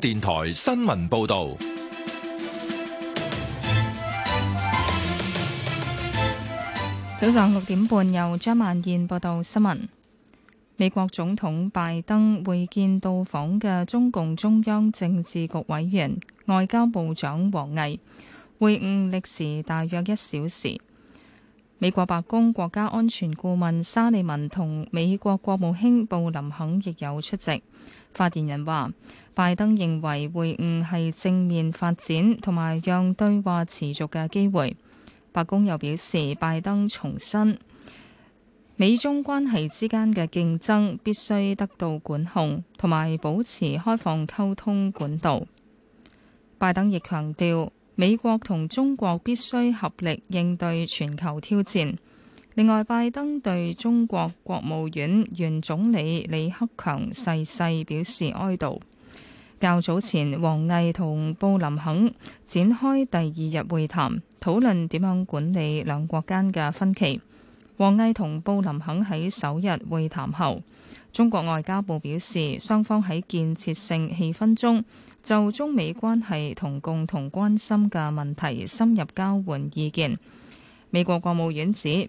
電台新聞報道：早上六點半，由張萬燕報道新聞。美國總統拜登會見到訪嘅中共中央政治局委員、外交部長王毅，會晤歷時大約一小時。美國白宮國家安全顧問沙利文同美國國務卿布林肯亦有出席。發言人話，拜登認為會晤係正面發展同埋讓對話持續嘅機會。白宮又表示，拜登重申美中關係之間嘅競爭必須得到管控，同埋保持開放溝通管道。拜登亦強調，美國同中國必須合力應對全球挑戰。另外，拜登對中國國務院原總理李克強逝世表示哀悼。較早前，王毅同布林肯展開第二日會談，討論點樣管理兩國間嘅分歧。王毅同布林肯喺首日會談後，中國外交部表示，雙方喺建設性氣氛中就中美關係同共同關心嘅問題深入交換意見，美國國務院指。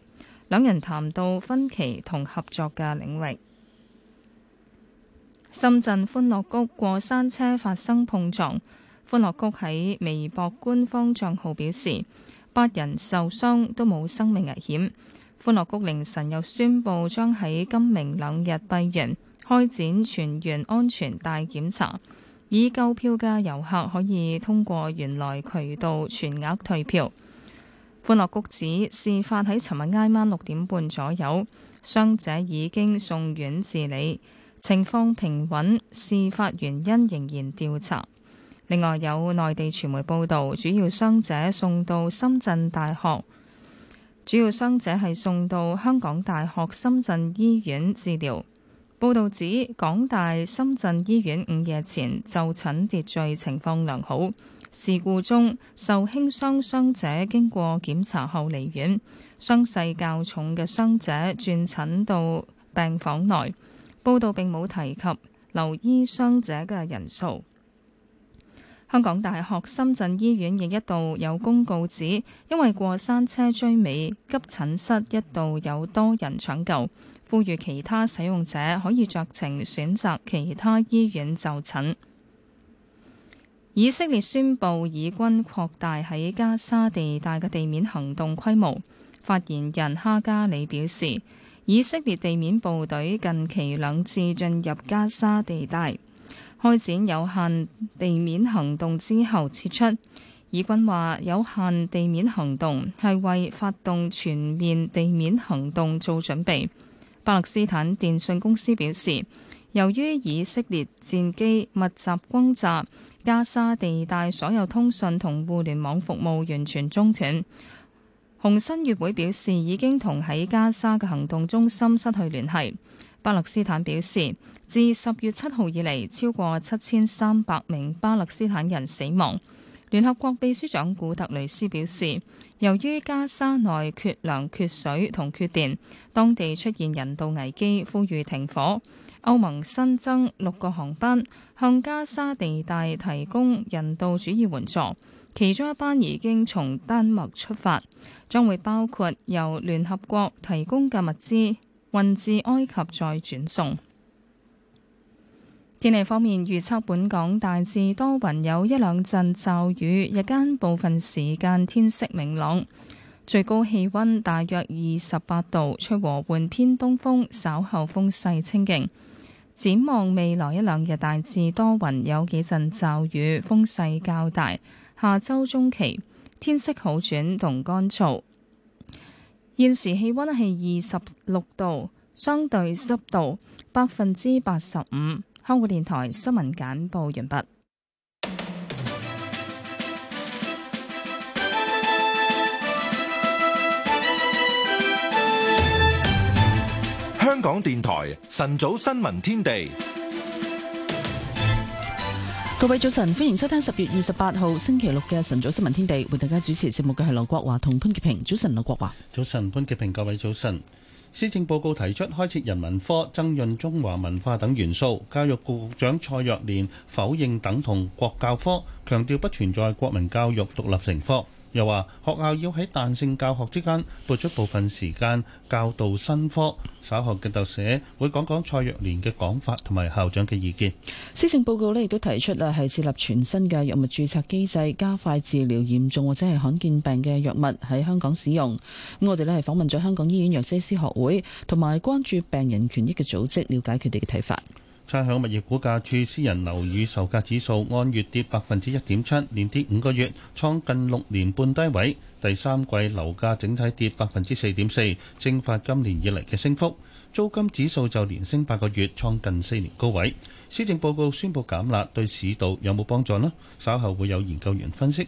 兩人談到分歧同合作嘅領域。深圳歡樂谷過山車發生碰撞，歡樂谷喺微博官方帳號表示，八人受傷都冇生命危險。歡樂谷凌晨又宣布將喺今明兩日閉園，開展全員安全大檢查，已購票嘅遊客可以通過原來渠道全額退票。歡樂谷指事發喺尋日挨晚六點半左右，傷者已經送院治理，情況平穩，事發原因仍然調查。另外有內地傳媒報道，主要傷者送到深圳大學，主要傷者係送到香港大學深圳醫院治療。報道指港大深圳醫院午夜前就診秩序，情況良好。事故中受輕傷傷者經過檢查後離院，傷勢較重嘅傷者轉診到病房內。報道並冇提及留醫傷者嘅人數。香港大學深圳醫院亦一度有公告指，因為過山車追尾，急診室一度有多人搶救，呼籲其他使用者可以酌情選擇其他醫院就診。以色列宣布以軍擴大喺加沙地帶嘅地面行動規模。發言人哈加里表示，以色列地面部隊近期兩次進入加沙地帶，開展有限地面行動之後撤出。以軍話，有限地面行動係為發動全面地面行動做準備。巴勒斯坦電信公司表示。由於以色列戰機密集轟炸加沙地帶，所有通訊同互聯網服務完全中斷。紅新月會表示已經同喺加沙嘅行動中心失去聯繫。巴勒斯坦表示，自十月七號以嚟，超過七千三百名巴勒斯坦人死亡。聯合國秘書長古特雷斯表示，由於加沙內缺糧、缺水同缺電，當地出現人道危機，呼籲停火。歐盟新增六個航班向加沙地帶提供人道主義援助，其中一班已經從丹麥出發，將會包括由聯合國提供嘅物資運至埃及，再轉送。天氣方面預測，預測本港大致多雲，有一兩陣驟雨，日間部分時間天色明朗，最高氣温大約二十八度，吹和緩偏東風，稍後風勢清勁。展望未來一兩日，大致多雲，有幾陣驟雨，風勢較大。下周中期天色好轉同乾燥。現時氣温係二十六度，相對濕度百分之八十五。香港電台新聞簡報完畢。香港電台晨早新聞天地，各位早晨，歡迎收聽十月二十八號星期六嘅晨早新聞天地，為大家主持節目嘅係劉國華同潘潔平。早晨，劉國華，早晨，潘潔平，各位早晨。施政報告提出開設人文科、增潤中華文化等元素，教育局局長蔡若蓮否認等同國教科，強調不存在國民教育獨立成科。又話學校要喺彈性教學之間撥出部分時間教導新科。稍後嘅特寫會講講蔡若蓮嘅講法同埋校長嘅意見。施政報告呢亦都提出啦，係設立全新嘅藥物註冊機制，加快治療嚴重或者係罕見病嘅藥物喺香港使用。咁我哋呢係訪問咗香港醫院藥劑師學會同埋關注病人權益嘅組織，了解佢哋嘅睇法。差餉物業估價署私人樓宇售價指數按月跌百分之一點七，連跌五個月，創近六年半低位。第三季樓價整體跌百分之四點四，蒸發今年以嚟嘅升幅。租金指數就連升八個月，創近四年高位。施政報告宣布減壓，對市道有冇幫助咧？稍後會有研究員分析。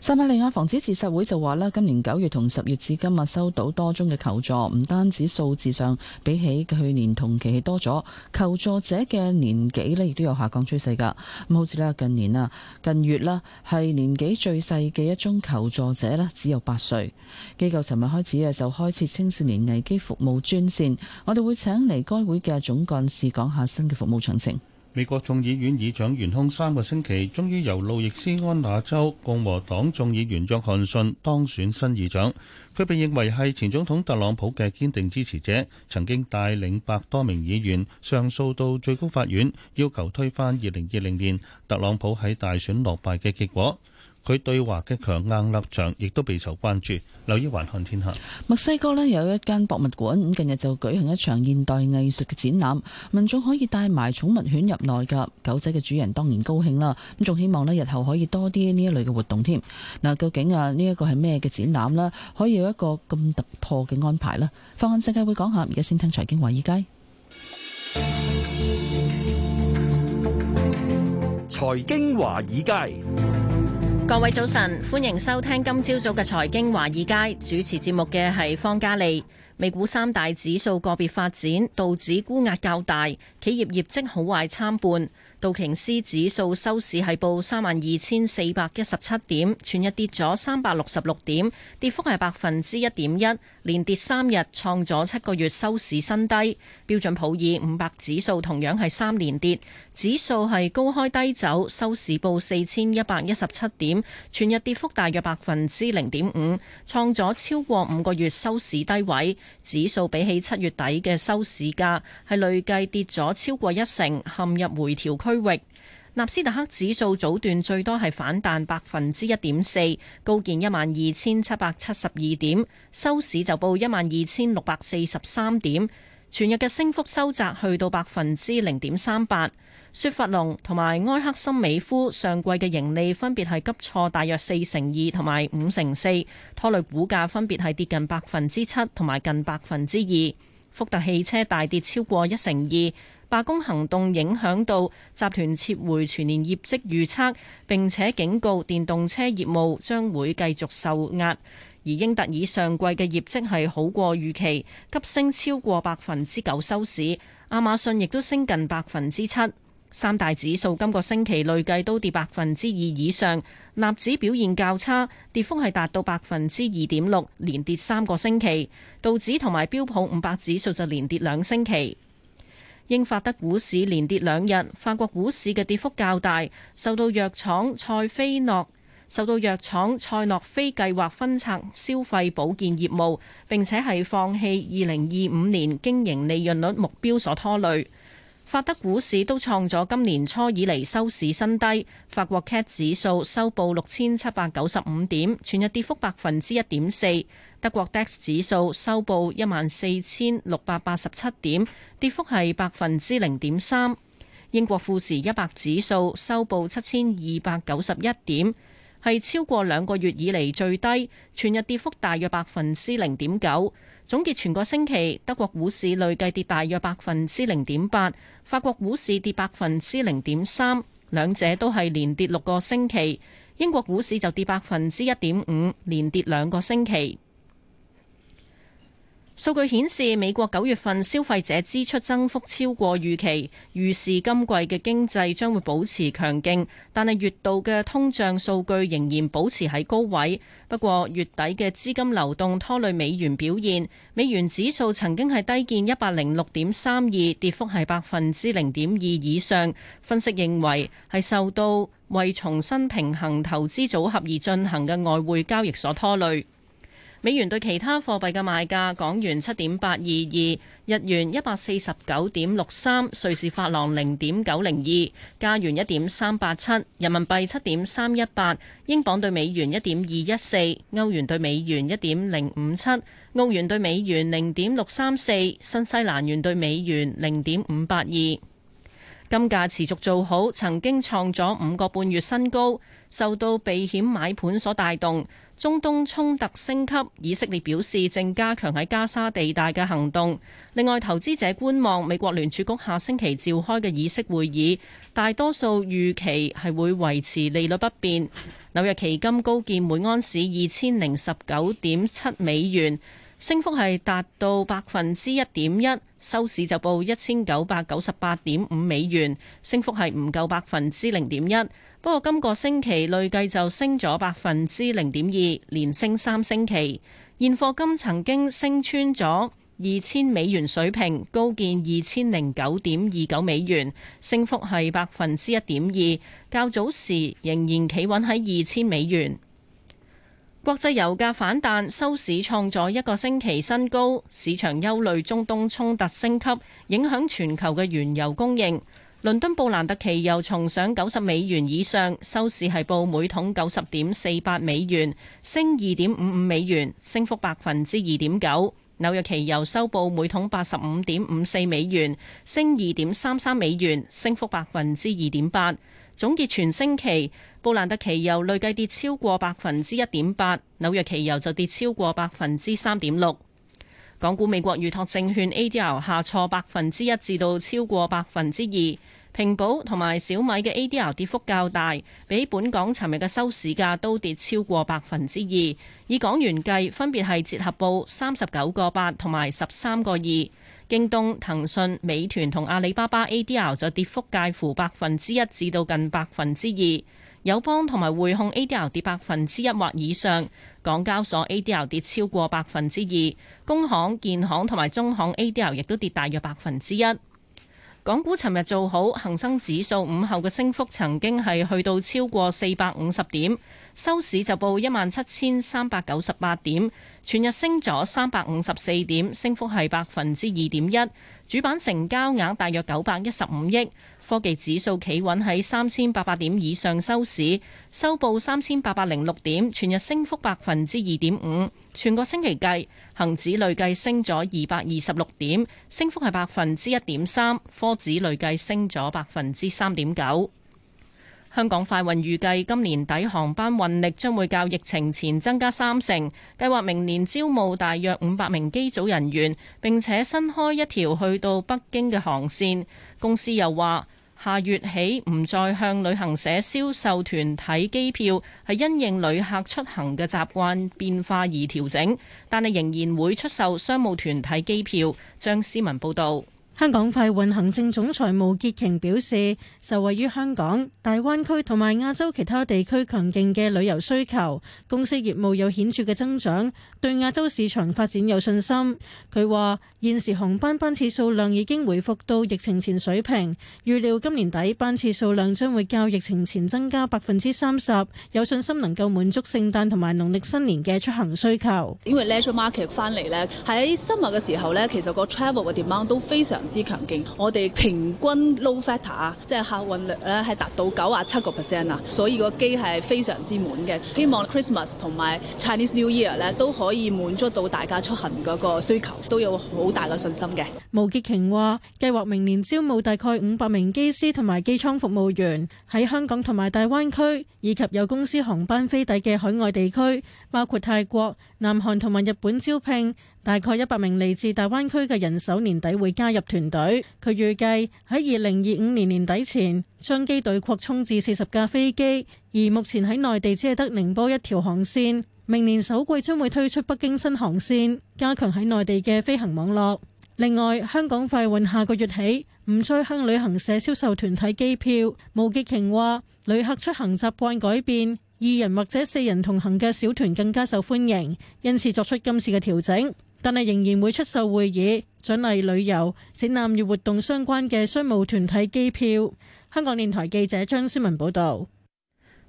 撒瑪利亞防止自殺會就話咧，今年九月同十月至今啊，收到多宗嘅求助，唔單止數字上比起去年同期係多咗，求助者嘅年紀咧亦都有下降趨勢㗎。咁好似咧近年啊，近月啦係年紀最細嘅一宗求助者咧，只有八歲，機構尋日開始啊，就開設青少年危機服務專線。我哋會請嚟該會嘅總幹事講下新嘅服務詳情。美國眾議院議長懸空三個星期，終於由路易斯安那州共和黨眾議員約翰遜當選新議長。佢被認為係前總統特朗普嘅堅定支持者，曾經帶領百多名議員上訴到最高法院，要求推翻二零二零年特朗普喺大選落敗嘅結果。佢對華嘅強硬立場亦都備受關注。留意環看天下，墨西哥咧有一間博物館，咁近日就舉行一場現代藝術嘅展覽，民眾可以帶埋寵物犬入內噶，狗仔嘅主人當然高興啦。咁仲希望咧日後可以多啲呢一類嘅活動添。嗱，究竟啊呢一個係咩嘅展覽咧？可以有一個咁突破嘅安排咧？放眼世界會講下，而家先聽財經華爾街。財經華爾街。各位早晨，歡迎收聽今朝早嘅財經華爾街，主持節目嘅係方嘉莉。美股三大指數個別發展，道指沽壓較大，企業業績好壞參半。道瓊斯指數收市係報三萬二千四百一十七點，全日跌咗三百六十六點，跌幅係百分之一點一。連跌三日，創咗七個月收市新低。標準普爾五百指數同樣係三連跌，指數係高開低走，收市報四千一百一十七點，全日跌幅大約百分之零點五，創咗超過五個月收市低位。指數比起七月底嘅收市價係累計跌咗超過一成，陷入回調區域。納斯達克指數早段最多係反彈百分之一點四，高見一萬二千七百七十二點，收市就報一萬二千六百四十三點，全日嘅升幅收窄去到百分之零點三八。雪佛龍同埋埃克森美孚上季嘅盈利分別係急挫大約四成二同埋五成四，拖累股價分別係跌近百分之七同埋近百分之二。福特汽車大跌超過一成二。罷工行動影響到集團撤回全年業績預測，並且警告電動車業務將會繼續受壓。而英特爾上季嘅業績係好過預期，急升超過百分之九收市。亞馬遜亦都升近百分之七。三大指數今個星期累計都跌百分之二以上，納指表現較差，跌幅係達到百分之二點六，連跌三個星期。道指同埋標普五百指數就連跌兩星期。英法德股市連跌兩日，法國股市嘅跌幅較大，受到藥廠賽菲諾受到藥廠賽諾菲計劃分拆消費保健業務，並且係放棄二零二五年經營利潤率目標所拖累。法德股市都創咗今年初以嚟收市新低，法國 CAC 指數收報六千七百九十五點，全日跌幅百分之一點四；德國 DAX 指數收報一萬四千六百八十七點，跌幅係百分之零點三；英國富時一百指數收報七千二百九十一點，係超過兩個月以嚟最低，全日跌幅大約百分之零點九。總結全個星期，德國股市累計跌大約百分之零點八，法國股市跌百分之零點三，兩者都係連跌六個星期。英國股市就跌百分之一點五，連跌兩個星期。數據顯示，美國九月份消費者支出增幅超過預期，預示今季嘅經濟將會保持強勁。但係月度嘅通脹數據仍然保持喺高位。不過月底嘅資金流動拖累美元表現，美元指數曾經係低見一百零六點三二，跌幅係百分之零點二以上。分析認為係受到為重新平衡投資組合而進行嘅外匯交易所拖累。美元對其他貨幣嘅賣價：港元七點八二二，日元一百四十九點六三，瑞士法郎零點九零二，加元一點三八七，人民幣七點三一八，英鎊對美元一點二一四，歐元對美元一點零五七，澳元對美元零點六三四，新西蘭元對美元零點五八二。金價持續做好，曾經創咗五個半月新高，受到避險買盤所帶動。中東衝突升級，以色列表示正加強喺加沙地帶嘅行動。另外，投資者觀望美國聯儲局下星期召開嘅議息會議，大多數預期係會維持利率不變。紐約期金高見每安士二千零十九點七美元，升幅係達到百分之一點一，收市就報一千九百九十八點五美元，升幅係唔夠百分之零點一。不過今個星期累計就升咗百分之零點二，連升三星期。現貨金曾經升穿咗二千美元水平，高見二千零九點二九美元，升幅係百分之一點二。較早時仍然企穩喺二千美元。國際油價反彈，收市創咗一個星期新高，市場憂慮中東衝突升級，影響全球嘅原油供應。倫敦布蘭特期油重上九十美元以上，收市係報每桶九十點四八美元，升二點五五美元，升幅百分之二點九。紐約期油收報每桶八十五點五四美元，升二點三三美元，升幅百分之二點八。總結全星期，布蘭特期油累計跌超過百分之一點八，紐約期油就跌超過百分之三點六。港股美國預託證券 ADR 下挫百分之一至到超過百分之二。平保同埋小米嘅 ADR 跌幅較大，比本港尋日嘅收市價都跌超過百分之二，以港元計，分別係折合報三十九個八同埋十三個二。京東、騰訊、美團同阿里巴巴 ADR 就跌幅介乎百分之一至到近百分之二。友邦同埋匯控 ADR 跌百分之一或以上，港交所 ADR 跌超過百分之二，工行、建行同埋中行 ADR 亦都跌大約百分之一。港股尋日做好，恒生指數午後嘅升幅曾經係去到超過四百五十點，收市就報一萬七千三百九十八點，全日升咗三百五十四點，升幅係百分之二點一，主板成交額大約九百一十五億。科技指數企穩喺三千八百點以上收市，收報三千八百零六點，全日升幅百分之二點五。全個星期計，恒指累計升咗二百二十六點，升幅係百分之一點三；科指累計升咗百分之三點九。香港快運預計今年底航班運力將會較疫情前增加三成，計劃明年招募大約五百名機組人員，並且新開一條去到北京嘅航線。公司又話：下月起唔再向旅行社銷售團體機票，係因應旅客出行嘅習慣變化而調整，但係仍然會出售商務團體機票。張思文報道。香港快運行政總裁毛傑瓊表示，受惠於香港、大灣區同埋亞洲其他地區強勁嘅旅遊需求，公司業務有顯著嘅增長，對亞洲市場發展有信心。佢話：現時航班班次數量已經回復到疫情前水平，預料今年底班次數量將會較疫情前增加百分之三十，有信心能夠滿足聖誕同埋農曆新年嘅出行需求。因為 n a market 翻嚟呢，喺深月嘅時候呢，其實個 travel 嘅 demand 都非常之強勁，我哋平均 load factor 啊，即係客運率咧係達到九啊七個 percent 啊，所以個機係非常之滿嘅。希望 Christmas 同埋 Chinese New Year 咧都可以滿足到大家出行嗰個需求，都有好大嘅信心嘅。毛潔瓊話：計劃明年招募大概五百名機師同埋機艙服務員喺香港同埋大灣區，以及有公司航班飛抵嘅海外地區，包括泰國、南韓同埋日本招聘。大概一百名嚟自大灣區嘅人手，年底會加入團隊。佢預計喺二零二五年年底前將機隊擴充至四十架飛機，而目前喺內地只係得寧波一條航線。明年首季將會推出北京新航線，加強喺內地嘅飛行網絡。另外，香港快運下個月起唔再向旅行社銷售團體機票。毛潔瓊話：旅客出行習慣改變，二人或者四人同行嘅小團更加受歡迎，因此作出今次嘅調整。但係仍然會出售會議、獎勵旅遊、展覽與活動相關嘅商務團體機票。香港電台記者張思文報導。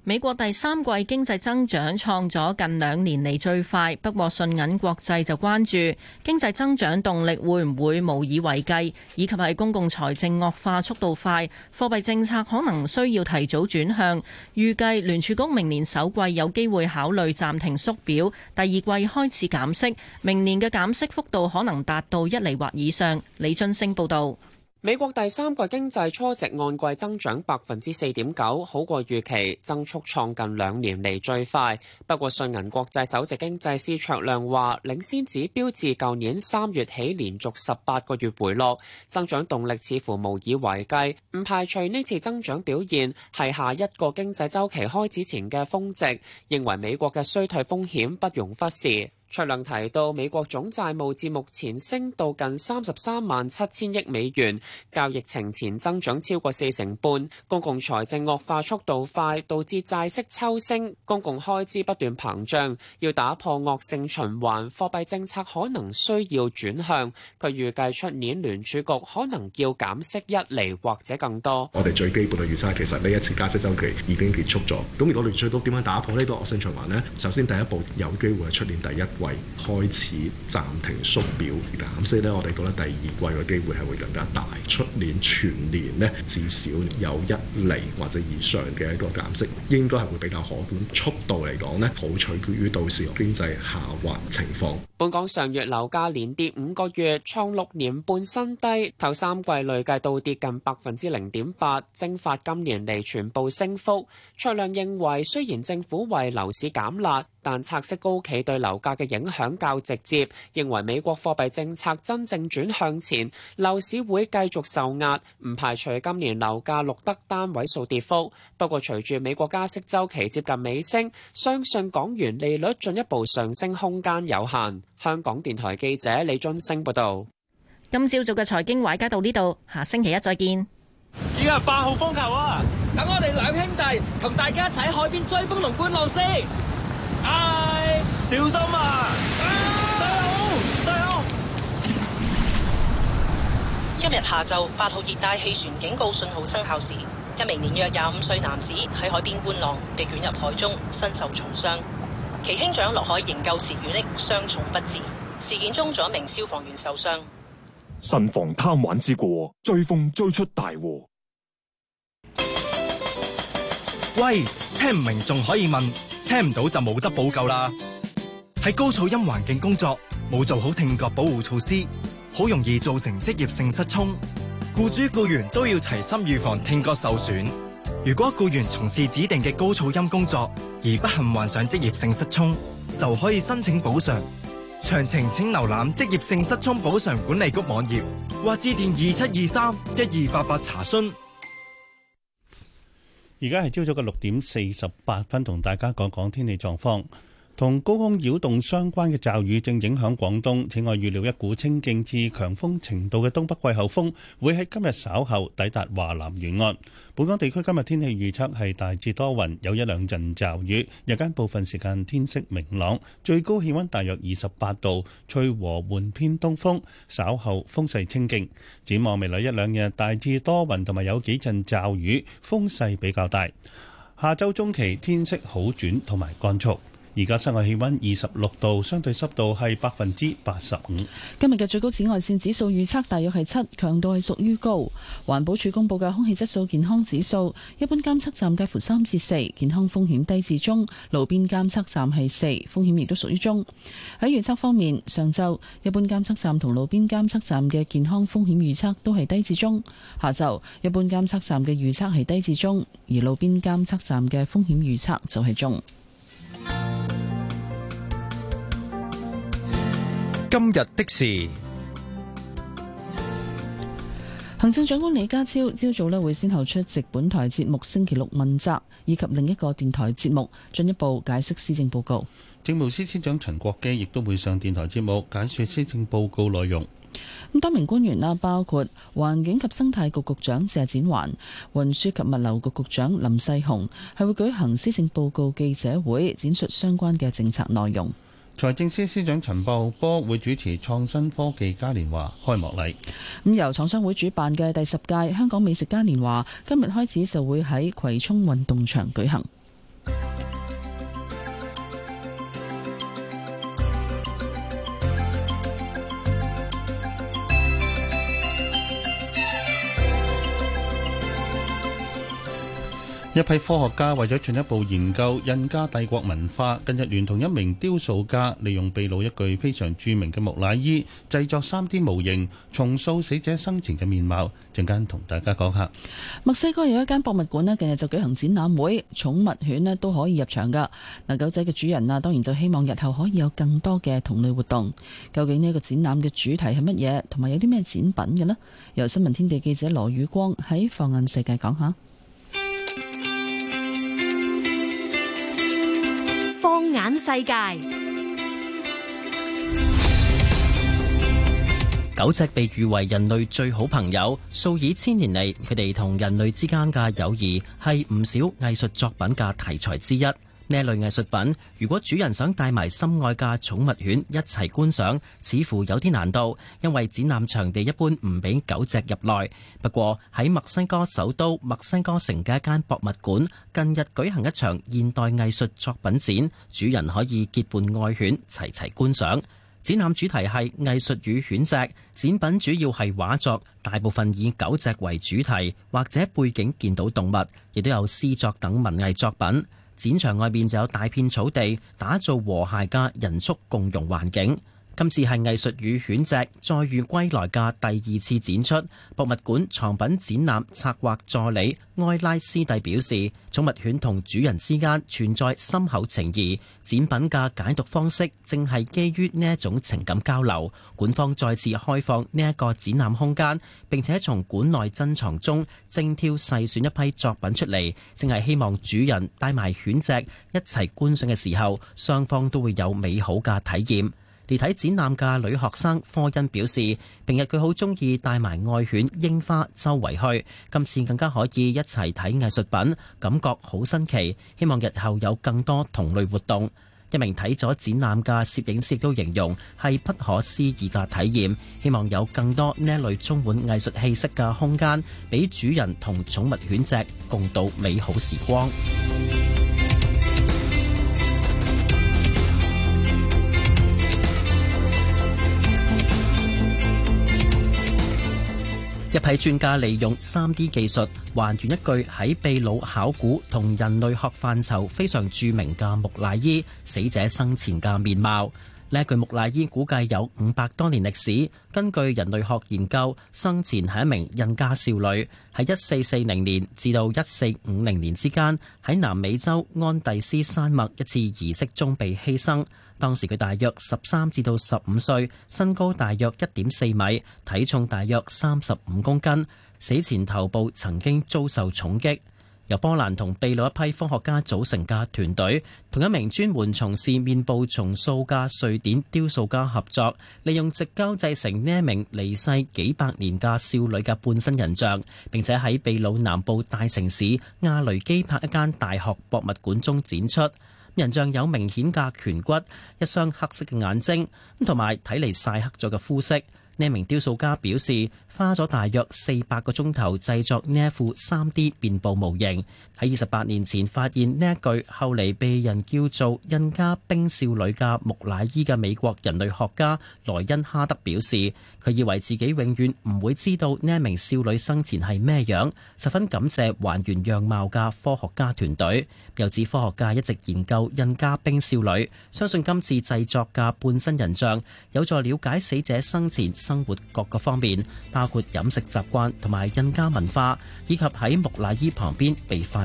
美國第三季經濟增長創咗近兩年嚟最快，不過信銀國際就關注經濟增長動力會唔會無以為繼，以及係公共財政惡化速度快，貨幣政策可能需要提早轉向。預計聯儲局明年首季有機會考慮暫停縮表，第二季開始減息，明年嘅減息幅度可能達到一厘或以上。李俊升報道。美國第三季經濟初值按季增長百分之四點九，好過預期，增速創近兩年嚟最快。不過信銀國際首席經濟師卓亮話，領先指標自舊年三月起連續十八個月回落，增長動力似乎無以為繼。唔排除呢次增長表現係下一個經濟週期開始前嘅峰值，認為美國嘅衰退風險不容忽視。卓亮提到，美國總債務至目前升到近三十三萬七千億美元，較疫情前增長超過四成半。公共財政惡化速度快，導致債息抽升，公共開支不斷膨脹。要打破惡性循環，貨幣政策可能需要轉向。佢預計出年聯儲局可能要減息一厘或者更多。我哋最基本嘅預測，其實呢一次加息週期已經結束咗。咁如果聯儲局點樣打破呢個惡性循環呢？首先第一步有機會係出年第一為開始暫停縮表減息呢，我哋覺得第二季嘅機會係會更加大。出年全年呢，至少有一厘或者以上嘅一個減息，應該係會比較可觀。速度嚟講呢，好取決於到時經濟下滑情況。本港上月樓價連跌五個月，創六年半新低。頭三季累計倒跌近百分之零點八，蒸發今年嚟全部升幅。卓亮認為，雖然政府為樓市減壓。但拆息高企對樓價嘅影響較直接，認為美國貨幣政策真正轉向前，樓市會繼續受壓，唔排除今年樓價錄得單位數跌幅。不過隨住美國加息週期接近尾聲，相信港元利率進一步上升空間有限。香港電台記者李津升報道。今朝早嘅財經快街到呢度，下星期一再見。依家八號風球啊！等我哋兩兄弟同大家一齊喺海邊追風同觀浪先。哎、小心啊！今、啊、日下晝八號熱帶氣旋警告信號生效時，一名年約廿五歲男子喺海邊觀浪，被捲入海中，身受重傷。其兄長落海營救時，遇溺傷重不治。事件中，仲有一名消防員受傷。慎防貪玩之過，追風追出大禍。喂，聽唔明仲可以問。聽唔到就冇得補救啦。喺高噪音環境工作，冇做好聽覺保護措施，好容易造成職業性失聰。僱主僱員都要齊心預防聽覺受損。如果僱員從事指定嘅高噪音工作而不幸患上職業性失聰，就可以申請補償。詳情請瀏覽職業性失聰補償管理局網頁或致電二七二三一二八八查詢。而家係朝早嘅六點四十八分，同大家講講天氣狀況。同高空擾動相關嘅驟雨正影響廣東。此外，預料一股清勁至強風程度嘅東北季候風會喺今日稍後抵達華南沿岸。本港地區今日天氣預測係大致多雲，有一兩陣驟雨，日間部分時間天色明朗，最高氣温大約二十八度，吹和緩偏東風。稍後風勢清勁。展望未來一兩日，大致多雲同埋有幾陣驟雨，風勢比較大。下周中期天色好轉同埋乾燥。而家室外氣溫二十六度，相對濕度係百分之八十五。今日嘅最高紫外線指數預測大約係七，強度係屬於高。環保署公布嘅空氣質素健康指數，一般監測站介乎三至四，健康風險低至中；路邊監測站係四，風險亦都屬於中。喺預測方面，上晝一般監測站同路邊監測站嘅健康風險預測都係低至中。下晝一般監測站嘅預測係低至中，而路邊監測站嘅風險預測就係中。今日的事，行政長官李家超朝早呢會先後出席本台節目《星期六問責》，以及另一個電台節目，進一步解釋施政報告。政務司司長陳國基亦都會上電台節目解說施政報告內容。咁多名官員啦，包括環境及生態局局長謝展環、運輸及物流局局長林世雄，係會舉行施政報告記者會，展示相關嘅政策內容。財政司司長陳茂波波會主持創新科技嘉年華開幕禮。咁由廠商會主辦嘅第十屆香港美食嘉年華，今日開始就會喺葵涌運動場舉行。一批科學家為咗進一步研究印加帝國文化，近日聯同一名雕塑家，利用秘魯一具非常著名嘅木乃伊，製作三 D 模型，重塑死者生前嘅面貌。陣間同大家講下。墨西哥有一間博物館咧，近日就舉行展覽會，寵物犬咧都可以入場噶。嗱，狗仔嘅主人啊，當然就希望日後可以有更多嘅同類活動。究竟呢一個展覽嘅主題係乜嘢，同埋有啲咩展品嘅呢？由新聞天地記者羅宇光喺放眼世界講下。放眼世界，狗隻被譽為人類最好朋友。數以千年嚟，佢哋同人類之間嘅友誼係唔少藝術作品嘅題材之一。呢類藝術品，如果主人想帶埋心愛嘅寵物犬一齊觀賞，似乎有啲難度，因為展覽場地一般唔俾狗隻入內。不過喺墨西哥首都墨西哥城嘅一間博物館，近日舉行一場現代藝術作品展，主人可以結伴愛犬齊齊觀賞。展覽主題係藝術與犬隻，展品主要係畫作，大部分以狗隻為主題或者背景見到動物，亦都有詩作等文藝作品。展場外面就有大片草地，打造和諧嘅人畜共融環境。今次係藝術與犬隻載譽歸來嘅第二次展出。博物館藏品展覽策劃助理埃拉斯蒂表示，寵物犬同主人之間存在深厚情誼，展品嘅解讀方式正係基於呢一種情感交流。館方再次開放呢一個展覽空間，並且從館內珍藏中精挑細選一批作品出嚟，正係希望主人帶埋犬隻一齊觀賞嘅時候，雙方都會有美好嘅體驗。嚟睇展覽嘅女學生科恩表示，平日佢好中意帶埋愛犬櫻花周圍去，今次更加可以一齊睇藝術品，感覺好新奇。希望日後有更多同類活動。一名睇咗展覽嘅攝影師亦都形容係不可思議嘅體驗，希望有更多呢類充滿藝術氣息嘅空間，俾主人同寵物犬隻共度美好時光。一批專家利用 3D 技術還原一具喺秘魯考古同人類學範疇非常著名嘅木乃伊死者生前嘅面貌。呢一具木乃伊估計有五百多年歷史，根據人類學研究，生前係一名印加少女，喺一四四零年至到一四五零年之間喺南美洲安第斯山脈一次儀式中被犧牲。當時佢大約十三至到十五歲，身高大約一點四米，體重大約三十五公斤。死前頭部曾經遭受重擊。由波蘭同秘魯一批科學家組成嘅團隊，同一名專門從事面部重塑嘅瑞典雕塑家合作，利用矽膠製成呢一名離世幾百年嘅少女嘅半身人像，並且喺秘魯南部大城市亞雷基帕一間大學博物館中展出。人像有明顯嘅顴骨，一雙黑色嘅眼睛，同埋睇嚟曬黑咗嘅膚色。呢名雕塑家表示，花咗大約四百個鐘頭製作呢一副三 D 面部模型。喺二十八年前發現呢一具，後嚟被人叫做印加冰少女嘅木乃伊嘅美國人類學家萊恩哈德表示，佢以為自己永遠唔會知道呢一名少女生前係咩樣，十分感謝還原樣貌嘅科學家團隊。又指科學家一直研究印加冰少女，相信今次製作嘅半身人像有助了解死者生前生活各個方面，包括飲食習慣同埋印加文化，以及喺木乃伊旁邊被發。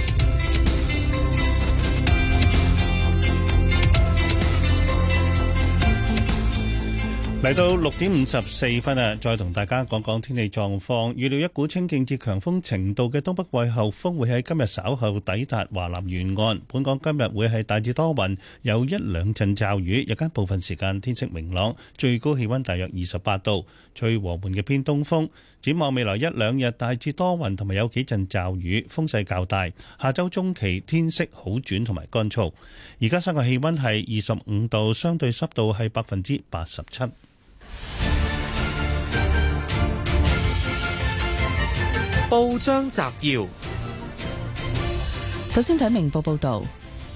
嚟到六點五十四分啊，再同大家講講天氣狀況。預料一股清勁至強風程度嘅東北季候風會喺今日稍後抵達華南沿岸。本港今日會係大致多雲，有一兩陣驟雨，日間部分時間天色明朗，最高氣温大約二十八度，吹和緩嘅偏東風。展望未來一兩日大致多雲同埋有幾陣驟雨，風勢較大。下周中期天色好轉同埋乾燥。而家室外氣温係二十五度，相對濕度係百分之八十七。報章摘要：首先睇明報報道，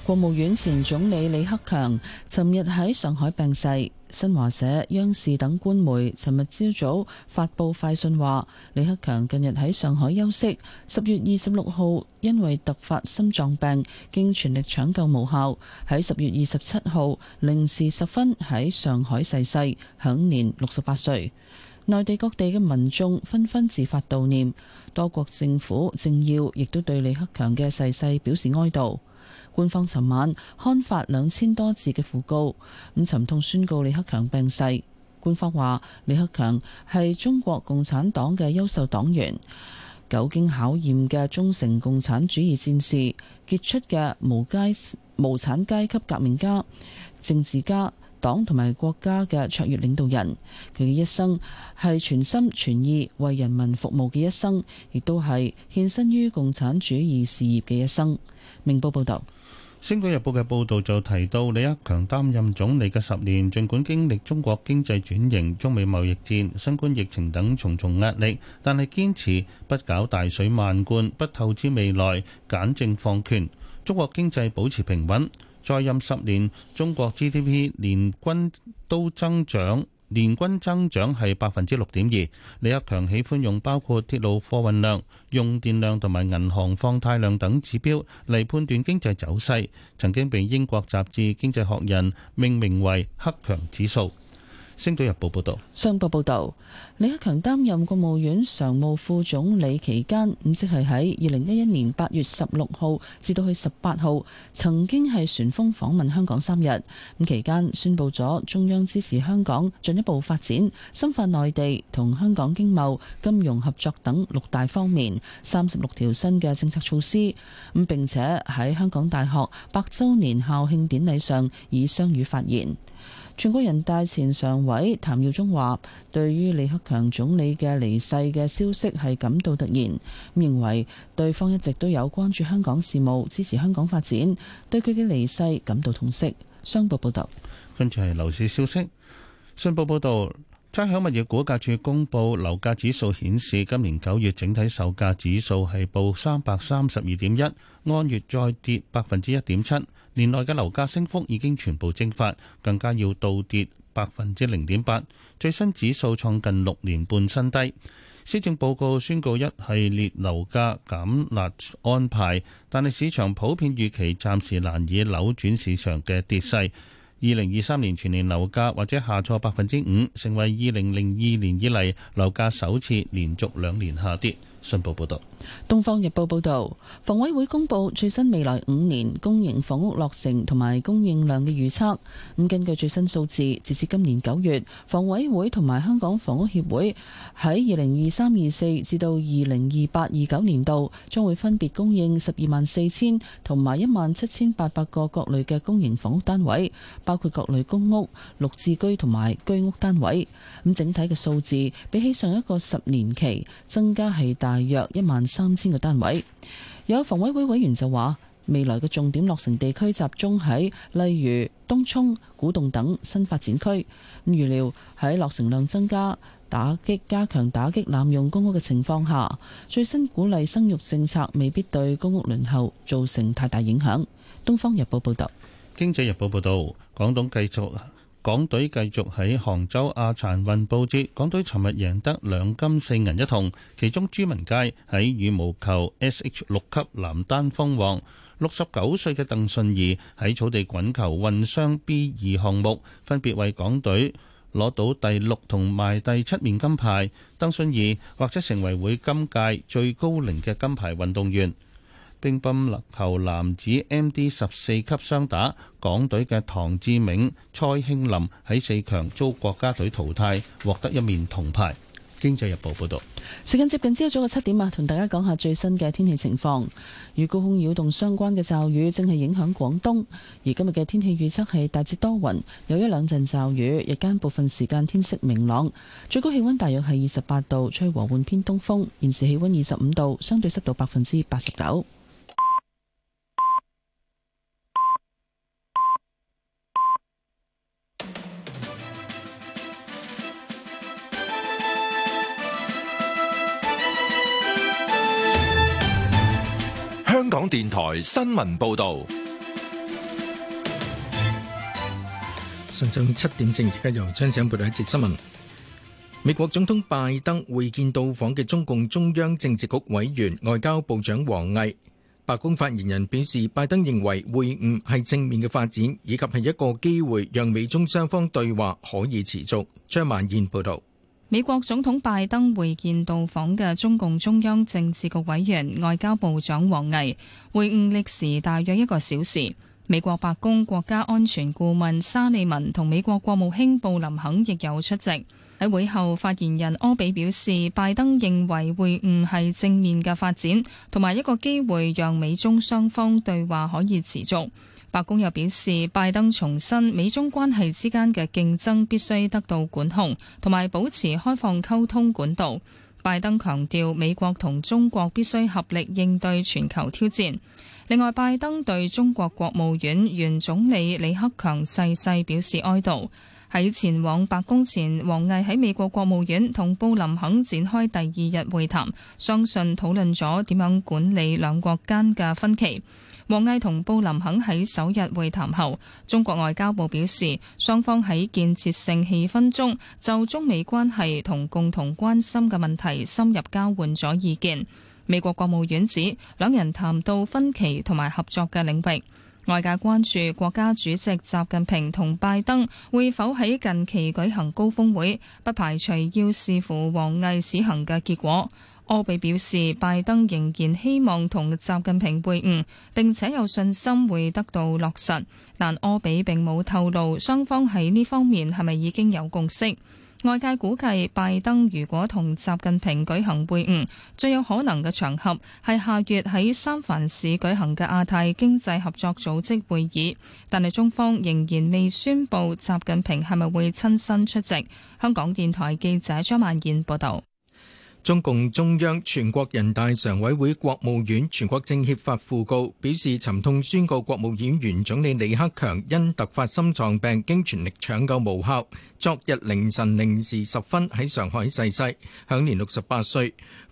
國務院前總理李克強尋日喺上海病逝。新華社、央視等官媒尋日朝早發佈快訊話，李克強近日喺上海休息。十月二十六號因為突發心臟病，經全力搶救無效，喺十月二十七號零時十分喺上海逝世，享年六十八歲。內地各地嘅民眾紛紛自發悼念，多國政府、政要亦都對李克強嘅逝世表示哀悼。官方尋晚刊發兩千多字嘅訃告，咁沉痛宣告李克強病逝。官方話：李克強係中國共產黨嘅優秀黨員，久經考驗嘅忠誠共產主義戰士，傑出嘅無階無產階級革命家、政治家。黨同埋國家嘅卓越領導人，佢嘅一生係全心全意為人民服務嘅一生，亦都係獻身於共產主義事業嘅一生。明報報導，《星島日報》嘅報導就提到，李克強擔任總理嘅十年，儘管經歷中國經濟轉型、中美貿易戰、新冠疫情等重重壓力，但係堅持不搞大水漫灌、不透支未來、簡政放權，中國經濟保持平穩。再任十年，中國 GDP 年均都增長，年均增長係百分之六點二。李克強喜歡用包括鐵路貨運量、用電量同埋銀行放貸量等指標嚟判斷經濟走勢，曾經被英國雜誌《經濟學人》命名為克強指數。星島日報報道，商報報道，李克強擔任國務院常務副總理期間，咁即係喺二零一一年八月十六號至到去十八號，曾經係旋風訪問香港三日，咁期間宣布咗中央支持香港進一步發展，深化內地同香港經貿金融合作等六大方面三十六條新嘅政策措施，咁並且喺香港大學百周年校慶典禮上以雙語發言。全國人大前常委譚耀宗話，對於李克強總理嘅離世嘅消息係感到突然，咁認為對方一直都有關注香港事務，支持香港發展，對佢嘅離世感到痛惜。商報報道。跟住係樓市消息，商報報道。差餉物業估價署公佈樓價指數顯示，今年九月整體售價指數係報三百三十二點一，按月再跌百分之一點七，年內嘅樓價升幅已經全部蒸發，更加要倒跌百分之零點八，最新指數創近六年半新低。施政報告宣告一系列樓價減壓安排，但係市場普遍預期暫時難以扭轉市場嘅跌勢。二零二三年全年樓價或者下挫百分之五，成為二零零二年以嚟樓價首次連續兩年下跌。新報報導，《東方日報》報導，房委會公布最新未來五年公營房屋落成同埋供應量嘅預測。咁根據最新數字，截至今年九月，房委會同埋香港房屋協會喺二零二三、二四至到二零二八、二九年度，將會分別供應十二萬四千同埋一萬七千八百個各類嘅公營房屋單位，包括各類公屋、綠置居同埋居屋單位。咁整體嘅數字比起上一個十年期增加係大。大約一萬三千個單位，有房委會委員就話，未來嘅重點落成地區集中喺例如東涌、古洞等新發展區。咁預料喺落成量增加、打擊加強、打擊濫用公屋嘅情況下，最新鼓勵生育政策未必對公屋輪候造成太大影響。東方日報報道，經濟日報報道，廣東繼續。港隊繼續喺杭州亞殘運報捷，港隊尋日贏得兩金四銀一銅，其中朱文佳喺羽毛球 S H 六級男單封王，六十九歲嘅鄧信儀喺草地滾球混雙 B 二項目，分別為港隊攞到第六同埋第七面金牌，鄧信儀或者成為會今屆最高齡嘅金牌運動員。乒乓球男子 MD 十四級雙打，港隊嘅唐志明、蔡興林喺四強遭國家隊淘汰，獲得一面銅牌。《經濟日報》報道。時間接近朝早嘅七點啊，同大家講下最新嘅天氣情況。與高空擾動相關嘅驟雨正係影響廣東，而今日嘅天氣預測係大致多雲，有一兩陣驟雨，日間部分時間天色明朗，最高氣溫大約係二十八度，吹和緩偏東風。現時氣溫二十五度，相對濕度百分之八十九。香港電台新聞報道，上晝七點正，而家由張井報道一節新聞。美國總統拜登會見到訪嘅中共中央政治局委員、外交部長王毅。白宮發言人表示，拜登認為會晤係正面嘅發展，以及係一個機會，讓美中雙方對話可以持續。張萬燕報道。美國總統拜登會見到訪嘅中共中央政治局委員、外交部長王毅，會晤歷時大約一個小時。美國白宮國家安全顧問沙利文同美國國務卿布林肯亦有出席。喺會後，發言人柯比表示，拜登認為會晤係正面嘅發展，同埋一個機會，讓美中雙方對話可以持續。白宮又表示，拜登重申美中關係之間嘅競爭必須得到管控，同埋保持開放溝通管道。拜登強調，美國同中國必須合力應對全球挑戰。另外，拜登對中國國務院原總理李克強逝世表示哀悼。喺前往白宮前，王毅喺美國國務院同布林肯展開第二日會談，相信討論咗點樣管理兩國間嘅分歧。王毅同布林肯喺首日會談後，中國外交部表示，雙方喺建設性氣氛中就中美關係同共同關心嘅問題深入交換咗意見。美國國務院指，兩人談到分歧同埋合作嘅領域，外界關注國家主席習近平同拜登會否喺近期舉行高峰會，不排除要視乎王毅此行嘅結果。柯比表示，拜登仍然希望同習近平會晤，呃，並且有信心會得到落實。但柯比並冇透露雙方喺呢方面係咪已經有共識。外界估計，拜登如果同習近平舉行會晤，呃，最有可能嘅場合係下月喺三藩市舉行嘅亞太經濟合作組織會議。但係中方仍然未宣布習近平係咪會親身出席。香港電台記者張曼燕報道。中共中央、全國人大常委會、國務院、全國政協發訃告，表示沉痛宣告，國務院原總理李克強因突發心臟病，經全力搶救無效，昨日凌晨零時十分喺上海逝世，享年六十八歲。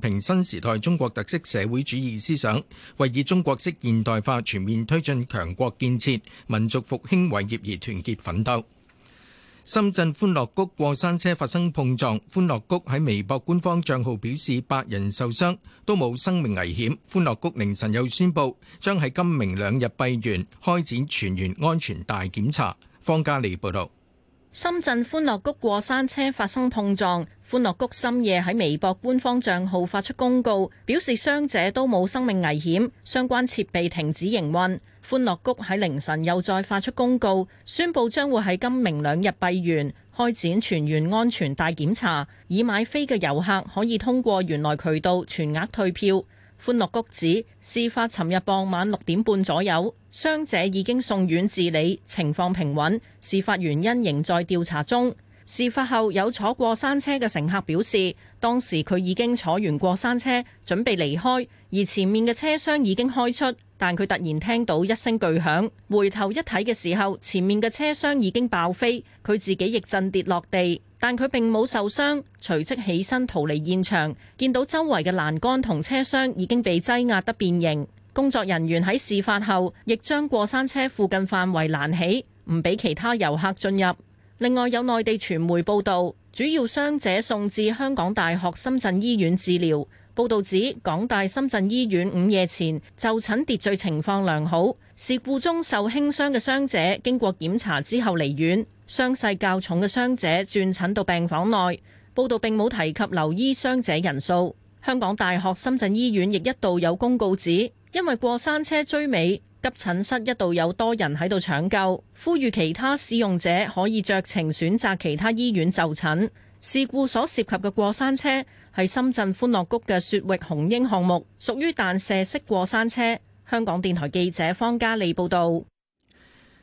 平新時代中國特色社會主義思想，為以中國式現代化全面推進強國建設、民族復興偉業而團結奮鬥。深圳歡樂谷過山車發生碰撞，歡樂谷喺微博官方賬號表示八人受傷，都冇生命危險。歡樂谷凌晨又宣布，將喺今明兩日閉園，開展全員安全大檢查。方嘉利報道。深圳歡樂谷過山車發生碰撞，歡樂谷深夜喺微博官方賬號發出公告，表示傷者都冇生命危險，相關設備停止營運。歡樂谷喺凌晨又再發出公告，宣布將會喺今明兩日閉園，開展全員安全大檢查。已買飛嘅遊客可以通過原來渠道全額退票。歡樂谷指，事發尋日傍晚六點半左右，傷者已經送院治理，情況平穩。事發原因仍在調查中。事發後，有坐過山車嘅乘客表示，當時佢已經坐完過山車，準備離開，而前面嘅車廂已經開出，但佢突然聽到一聲巨響，回頭一睇嘅時候，前面嘅車廂已經爆飛，佢自己亦震跌落地。但佢並冇受傷，隨即起身逃離現場，見到周圍嘅欄杆同車廂已經被擠壓得變形。工作人員喺事發後亦將過山車附近範圍攔起，唔俾其他遊客進入。另外有內地傳媒報道，主要傷者送至香港大學深圳醫院治療，報道指港大深圳醫院午夜前就診秩序情況良好。事故中受輕傷嘅傷者經過檢查之後離院。傷勢較重嘅傷者轉診到病房內，報道並冇提及留醫傷者人數。香港大學深圳醫院亦一度有公告指，因為過山車追尾，急診室一度有多人喺度搶救，呼籲其他使用者可以酌情選擇其他醫院就診。事故所涉及嘅過山車係深圳歡樂谷嘅雪域雄鷹項目，屬於彈射式過山車。香港電台記者方嘉莉報道。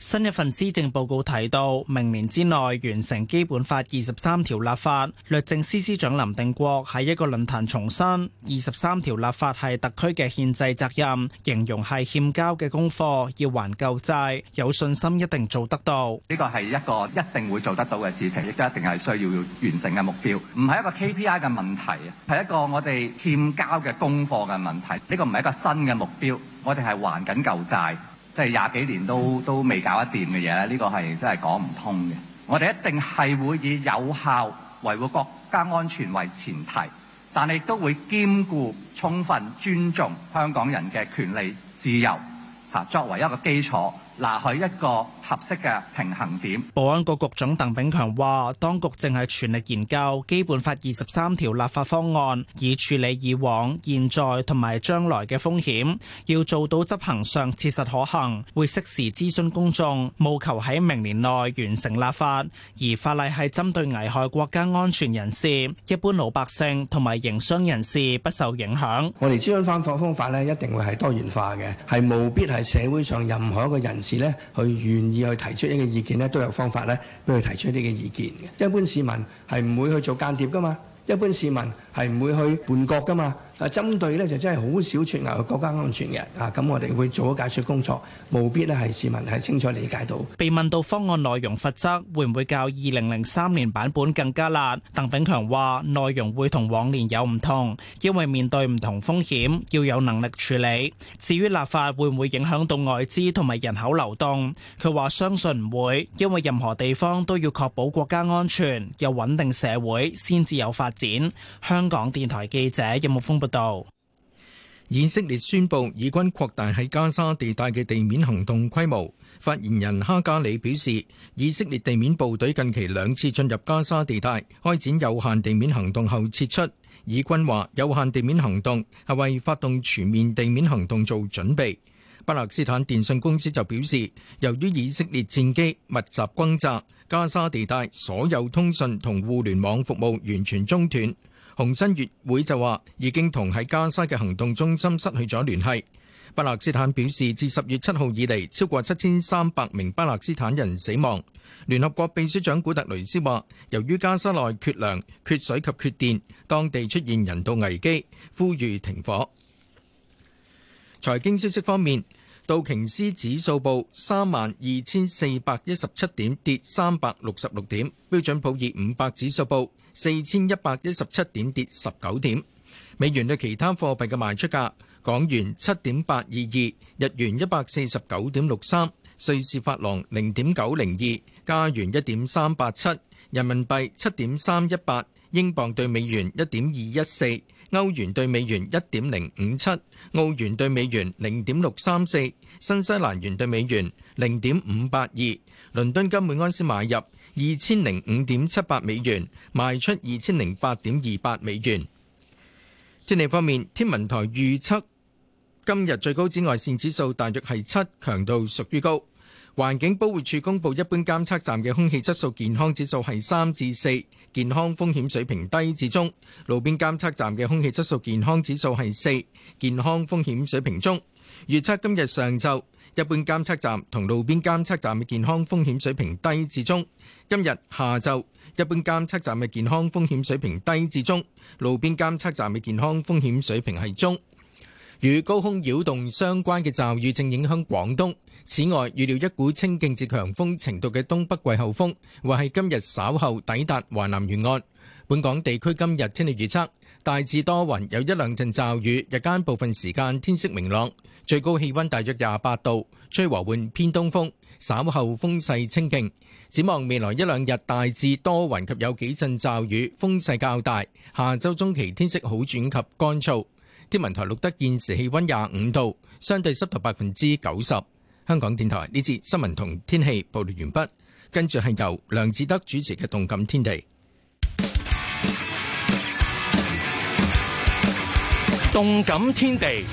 新一份施政報告提到，明年之內完成基本法二十三條立法。律政司司長林定國喺一個論壇重申，二十三條立法係特區嘅憲制責任，形容係欠交嘅功課，要還舊債，有信心一定做得到。呢個係一個一定會做得到嘅事情，亦都一定係需要要完成嘅目標，唔係一個 KPI 嘅問題，係一個我哋欠交嘅功課嘅問題。呢個唔係一個新嘅目標，我哋係還緊舊債。即係廿幾年都都未搞得掂嘅嘢，呢個係真係講唔通嘅。我哋一定係會以有效維護國家安全為前提，但係都會兼顧充分尊重香港人嘅權利自由，作為一個基礎。嗱，喺一個合適嘅平衡點。保安局局長鄧炳強話：，當局正係全力研究《基本法》二十三條立法方案，以處理以往、現在同埋將來嘅風險，要做到執行上切實可行。會適時諮詢公眾，務求喺明年內完成立法。而法例係針對危害國家安全人士，一般老百姓同埋營商人士不受影響。我哋諮詢方法方法咧，一定會係多元化嘅，係冇必係社會上任何一個人士咧去願意。要去提出呢個意見咧，都有方法咧，俾佢提出呢個意見嘅。一般市民係唔會去做間諜噶嘛，一般市民係唔會去叛國噶嘛。啊，針對咧就真係好少串鈎國家安全嘅，啊，咁我哋會做咗解説工作，務必咧係市民係清楚理解到。被問到方案內容罰則會唔會較二零零三年版本更加辣，鄧炳強話內容會同往年有唔同，因為面對唔同風險要有能力處理。至於立法會唔會影響到外資同埋人口流動，佢話相信唔會，因為任何地方都要確保國家安全又穩定社會先至有發展。香港電台記者任木風。以色列宣佈以軍擴大喺加沙地帶嘅地面行動規模。發言人哈加里表示，以色列地面部隊近期兩次進入加沙地帶開展有限地面行動後撤出。以軍話，有限地面行動係為發動全面地面行動做準備。巴勒斯坦電信公司就表示，由於以色列戰機密集轟炸，加沙地帶所有通訊同互聯網服務完全中斷。紅新月會就話已經同喺加沙嘅行動中心失去咗聯繫。巴勒斯坦表示，自十月七號以嚟，超過七千三百名巴勒斯坦人死亡。聯合國秘書長古特雷斯話，由於加沙內缺糧、缺水及缺電，當地出現人道危機，呼籲停火。財經消息方面，道瓊斯指數報三萬二千四百一十七點，跌三百六十六點；標準普爾五百指數報四千一百一十七點，跌十九點。美元對其他貨幣嘅賣出價：港元七點八二二，日元一百四十九點六三，瑞士法郎零點九零二，加元一點三八七，人民幣七點三一八，英鎊對美元一點二一四，歐元對美元一點零五七，澳元對美元零點六三四，新西蘭元對美元零點五八二。倫敦金每安士買入。二千零五點七八美元，賣出二千零八點二八美元。天氣方面，天文台預測今日最高紫外線指數大約係七，強度屬於高。環境保護署公布一般監測站嘅空氣質素健康指數係三至四，健康風險水平低至中。路邊監測站嘅空氣質素健康指數係四，健康風險水平中。預測今日上晝。一般監測站同路邊監測站嘅健康風險水平低至中。今日下晝，一般監測站嘅健康風險水平低至中，路邊監測站嘅健康風險水平係中。與高空擾動相關嘅驟雨正影響廣東。此外，預料一股清勁至強風程度嘅東北季候風或係今日稍後抵達華南沿岸。本港地區今日天氣預測大致多雲，有一兩陣驟雨，日間部分時間天色明朗。最高氣温大約廿八度，吹和緩偏東風，稍後風勢清勁。展望未來一兩日大致多雲及有幾陣驟雨，風勢較大。下周中期天色好轉及乾燥。天文台錄得現時氣温廿五度，相對濕度百分之九十。香港電台呢節新聞同天氣報道完畢，跟住係由梁志德主持嘅動感天地。動感天地。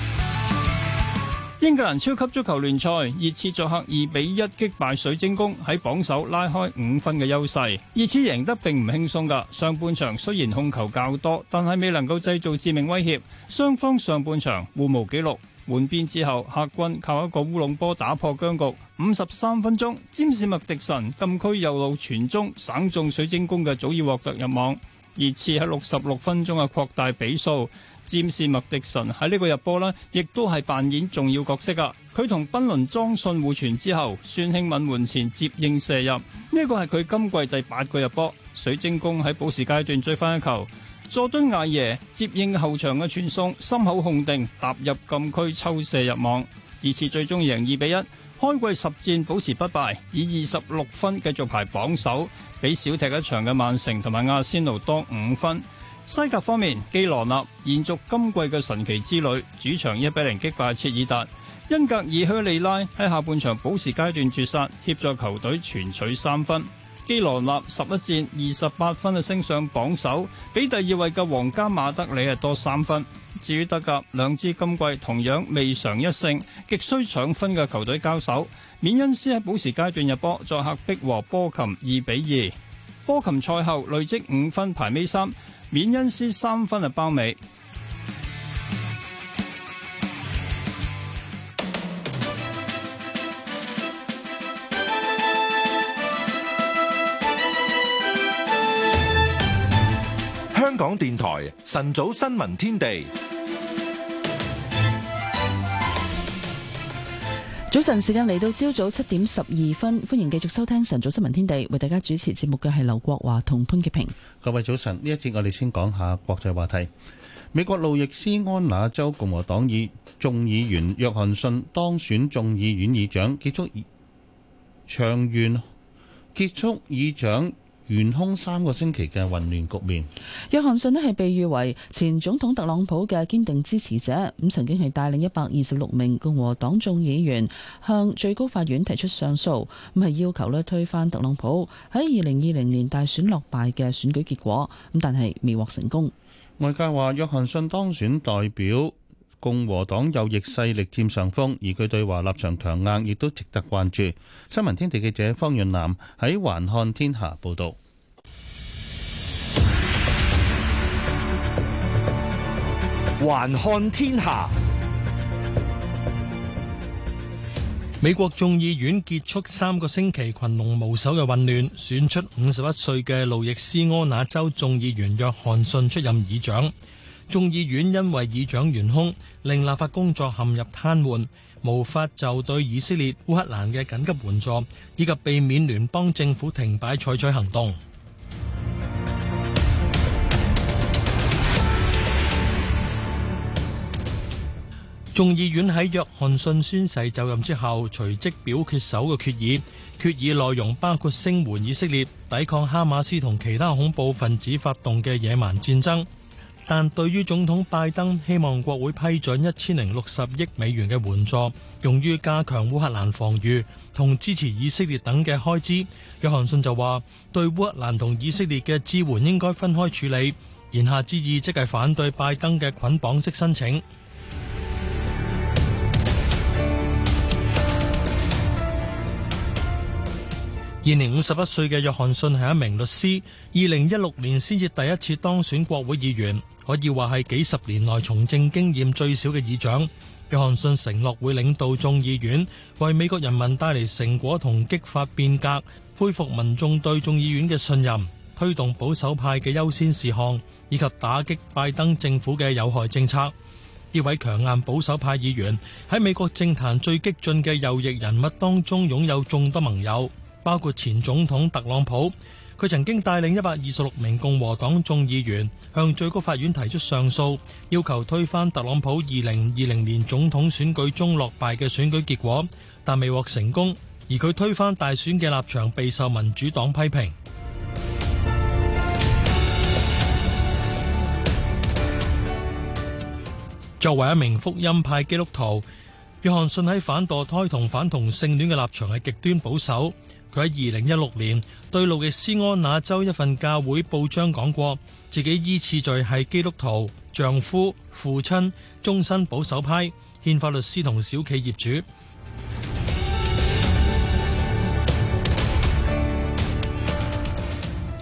英格蘭超級足球聯賽熱刺作客二比一擊敗水晶宮，喺榜首拉開五分嘅優勢。熱刺贏得並唔輕鬆噶，上半場雖然控球較多，但係未能夠製造致命威脅。雙方上半場互無紀錄，換邊之後客軍靠一個烏龍波打破僵局。五十三分鐘，詹士麥迪神禁區右路傳中，省中水晶宮嘅祖爾獲特入網。熱刺喺六十六分鐘嘅擴大比數。詹士麥迪臣喺呢個入波呢，亦都係扮演重要角色噶。佢同賓倫莊信互傳之後，孫興敏門前接應射入，呢個係佢今季第八個入波。水晶宮喺補時階段追翻一球，佐敦艾爺接應後場嘅傳送，心口控定，踏入禁區抽射入網，二次最終贏二比一。開季十戰保持不敗，以二十六分繼續排榜首，比少踢一場嘅曼城同埋阿仙奴多五分。西甲方面，基羅納延續今季嘅神奇之旅，主場一比零擊敗切爾達。恩格爾靴利拉喺下半場補時階段絕殺，協助球隊全取三分。基羅納十一戰二十八分，啊升上榜首，比第二位嘅皇家馬德里啊多三分。至於德甲，兩支今季同樣未嘗一勝，極需搶分嘅球隊交手。緬恩斯喺補時階段入波，再客逼和波琴二比二。波琴賽後累積五分，排尾三。免恩斯三分啊，包尾！香港電台晨早新聞天地。早晨，時間嚟到朝早七點十二分，歡迎繼續收聽晨早新聞天地。為大家主持節目嘅係劉國華同潘潔平。各位早晨，呢一節我哋先講下國際話題。美國路易斯安那州共和黨議眾議員約翰遜當選眾議院議長，結束長懸，結束議長，懸空三個星期嘅混亂局面。約翰遜咧係被譽為前總統特朗普嘅堅定支持者，咁曾經係帶領一百二十六名共和黨眾議員向最高法院提出上訴，咁係要求咧推翻特朗普喺二零二零年大選落敗嘅選舉結果，咁但係未獲成功。外界話約翰遜當選代表。共和黨右翼勢力佔上風，而佢對華立場強硬，亦都值得關注。新聞天地記者方潤南喺《環看天下》報道。環看天下，美國眾議院結束三個星期群龍無首嘅混亂，選出五十一歲嘅路易斯安那州眾議員約翰遜出任議長。眾議院因為議長懸空，令立法工作陷入癱瘓，無法就對以色列、烏克蘭嘅緊急援助，以及避免聯邦政府停擺採取行動。眾 議院喺約翰遜宣誓就任之後，隨即表決首個決議，決議內容包括聲援以色列抵抗哈馬斯同其他恐怖分子發動嘅野蠻戰爭。但對於總統拜登希望國會批准一千零六十億美元嘅援助，用於加強烏克蘭防禦同支持以色列等嘅開支，約翰遜就話對烏克蘭同以色列嘅支援應該分開處理。言下之意即係反對拜登嘅捆綁式申請。現年五十一歲嘅約翰遜係一名律師，二零一六年先至第一次當選國會議員。可以話係幾十年來從政經驗最少嘅議長。約翰遜承諾會領導眾議院，為美國人民帶嚟成果同激發變革，恢復民眾對眾議院嘅信任，推動保守派嘅優先事項，以及打擊拜登政府嘅有害政策。呢位強硬保守派議員喺美國政壇最激進嘅右翼人物當中擁有眾多盟友，包括前總統特朗普。佢曾經帶領一百二十六名共和黨眾議員向最高法院提出上訴，要求推翻特朗普二零二零年總統選舉中落敗嘅選舉結果，但未獲成功。而佢推翻大選嘅立場，備受民主黨批評。作為一名福音派基督徒，約翰遜喺反墮胎同反同性戀嘅立場係極端保守。佢喺二零一六年對路易斯安那州一份教會報章講過，自己依次序係基督徒、丈夫、父親、終身保守派、憲法律師同小企業主。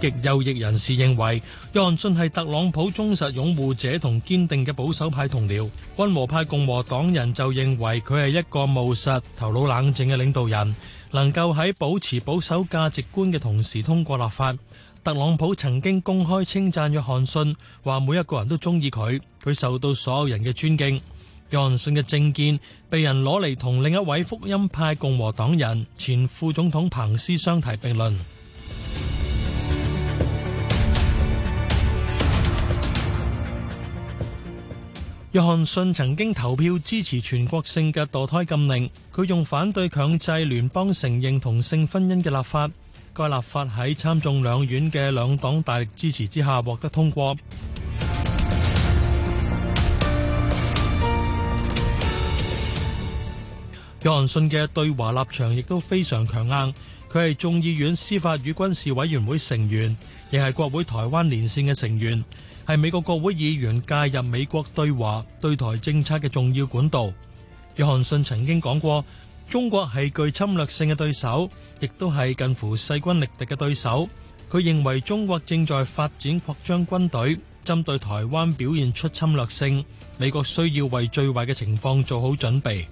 極右翼人士認為約翰遜係特朗普忠實擁護者同堅定嘅保守派同僚，溫和派共和黨人就認為佢係一個務實、頭腦冷靜嘅領導人。能夠喺保持保守價值觀嘅同時通過立法，特朗普曾經公開稱讚約翰遜，話每一個人都鍾意佢，佢受到所有人嘅尊敬。約翰遜嘅政見被人攞嚟同另一位福音派共和黨人前副總統彭斯相提並論。約翰遜曾經投票支持全國性嘅墮胎禁令，佢用反對強制聯邦承認同性婚姻嘅立法。該立法喺參眾兩院嘅兩黨大力支持之下獲得通過。 約翰遜嘅對華立場亦都非常強硬，佢係眾議院司法與軍事委員會成員，亦係國會台灣連線嘅成員。係美國國會議員介入美國對華對台政策嘅重要管道。約翰遜曾經講過，中國係具侵略性嘅對手，亦都係近乎勢均力敵嘅對手。佢認為中國正在發展擴張軍隊，針對台灣表現出侵略性，美國需要為最壞嘅情況做好準備。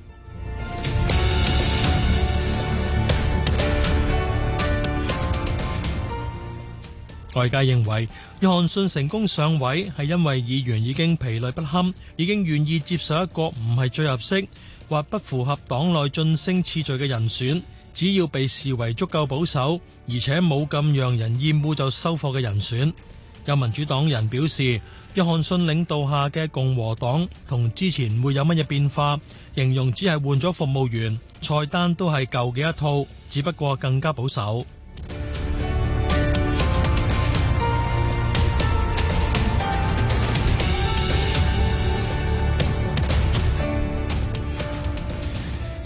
外界認為約翰遜成功上位係因為議員已經疲累不堪，已經願意接受一個唔係最合適或不符合黨內晉升次序嘅人選，只要被視為足夠保守，而且冇咁讓人厭惡就收貨嘅人選。有民主黨人表示，約翰遜領導下嘅共和黨同之前會有乜嘢變化？形容只係換咗服務員，菜單都係舊嘅一套，只不過更加保守。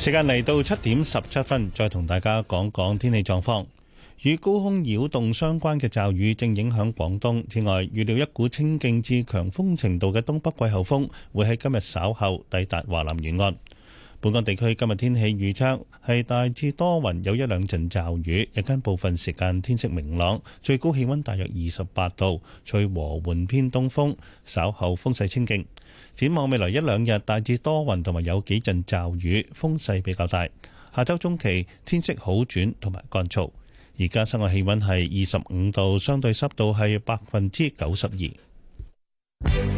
時間嚟到七點十七分，再同大家講講天氣狀況。與高空擾動相關嘅驟雨正影響廣東，此外，預料一股清勁至強風程度嘅東北季候風會喺今日稍後抵達華南沿岸。本港地區今日天氣預測係大致多雲，有一兩陣驟雨，日間部分時間天色明朗，最高氣溫大約二十八度，吹和緩偏東風，稍後風勢清勁。展望未來一兩日，大致多雲同埋有幾陣驟雨，風勢比較大。下周中期天色好轉同埋乾燥。而家室外氣温係二十五度，相對濕度係百分之九十二。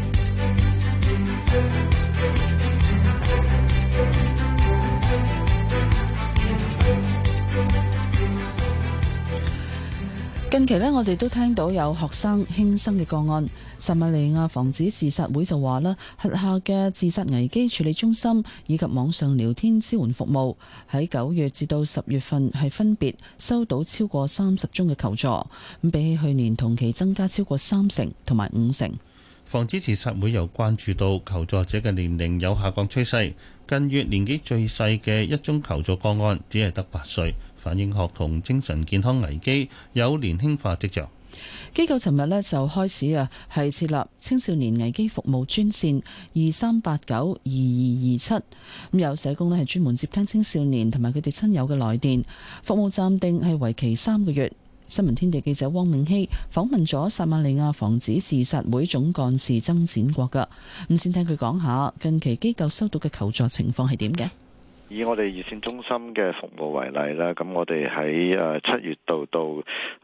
近期呢，我哋都聽到有學生輕生嘅個案。撒瑪利亞防止自殺會就話咧，轄下嘅自殺危機處理中心以及網上聊天支援服務喺九月至到十月份係分別收到超過三十宗嘅求助。咁比起去年同期，增加超過三成同埋五成。防止自殺會又關注到求助者嘅年齡有下降趨勢。近月年紀最細嘅一宗求助個案，只係得八歲。反映學童精神健康危機有年輕化跡象。機構尋日呢，就開始啊，係設立青少年危機服務專線，二三八九二二二七，咁有社工呢，係專門接聽青少年同埋佢哋親友嘅來電。服務暫定係為期三個月。新聞天地記者汪明熙訪問咗撒瑪利亞防止自殺會總幹事曾展國噶，咁先聽佢講下近期機構收到嘅求助情況係點嘅。以我哋熱線中心嘅服務為例啦，咁我哋喺誒七月度到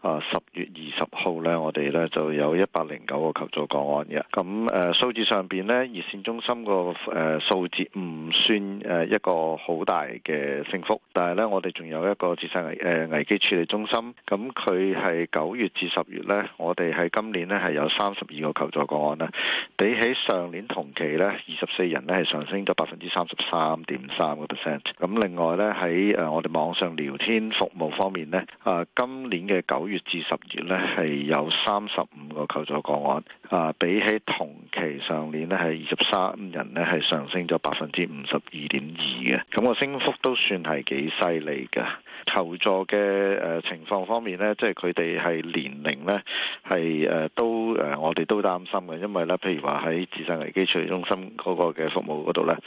啊十月二十號咧，我哋咧就有一百零九個求助個案嘅。咁誒、呃、數字上邊咧，熱線中心個誒、呃、數字唔算誒一個好大嘅升幅，但係咧我哋仲有一個自殺危誒危機處理中心，咁佢係九月至十月咧，我哋喺今年咧係有三十二個求助個案啦，比起上年同期咧，二十四人咧係上升咗百分之三十三點三個 percent。咁另外咧喺誒我哋網上聊天服務方面咧，啊今年嘅九月至十月咧係有三十五個求助個案，啊比起同期上年咧係二十三人咧係上升咗百分之五十二點二嘅，咁個升幅都算係幾犀利嘅。求助嘅誒、呃、情況方面呢，即係佢哋係年齡呢，係誒、呃、都誒、呃，我哋都擔心嘅，因為呢，譬如話喺自殺危機處理中心嗰個嘅服務嗰度呢，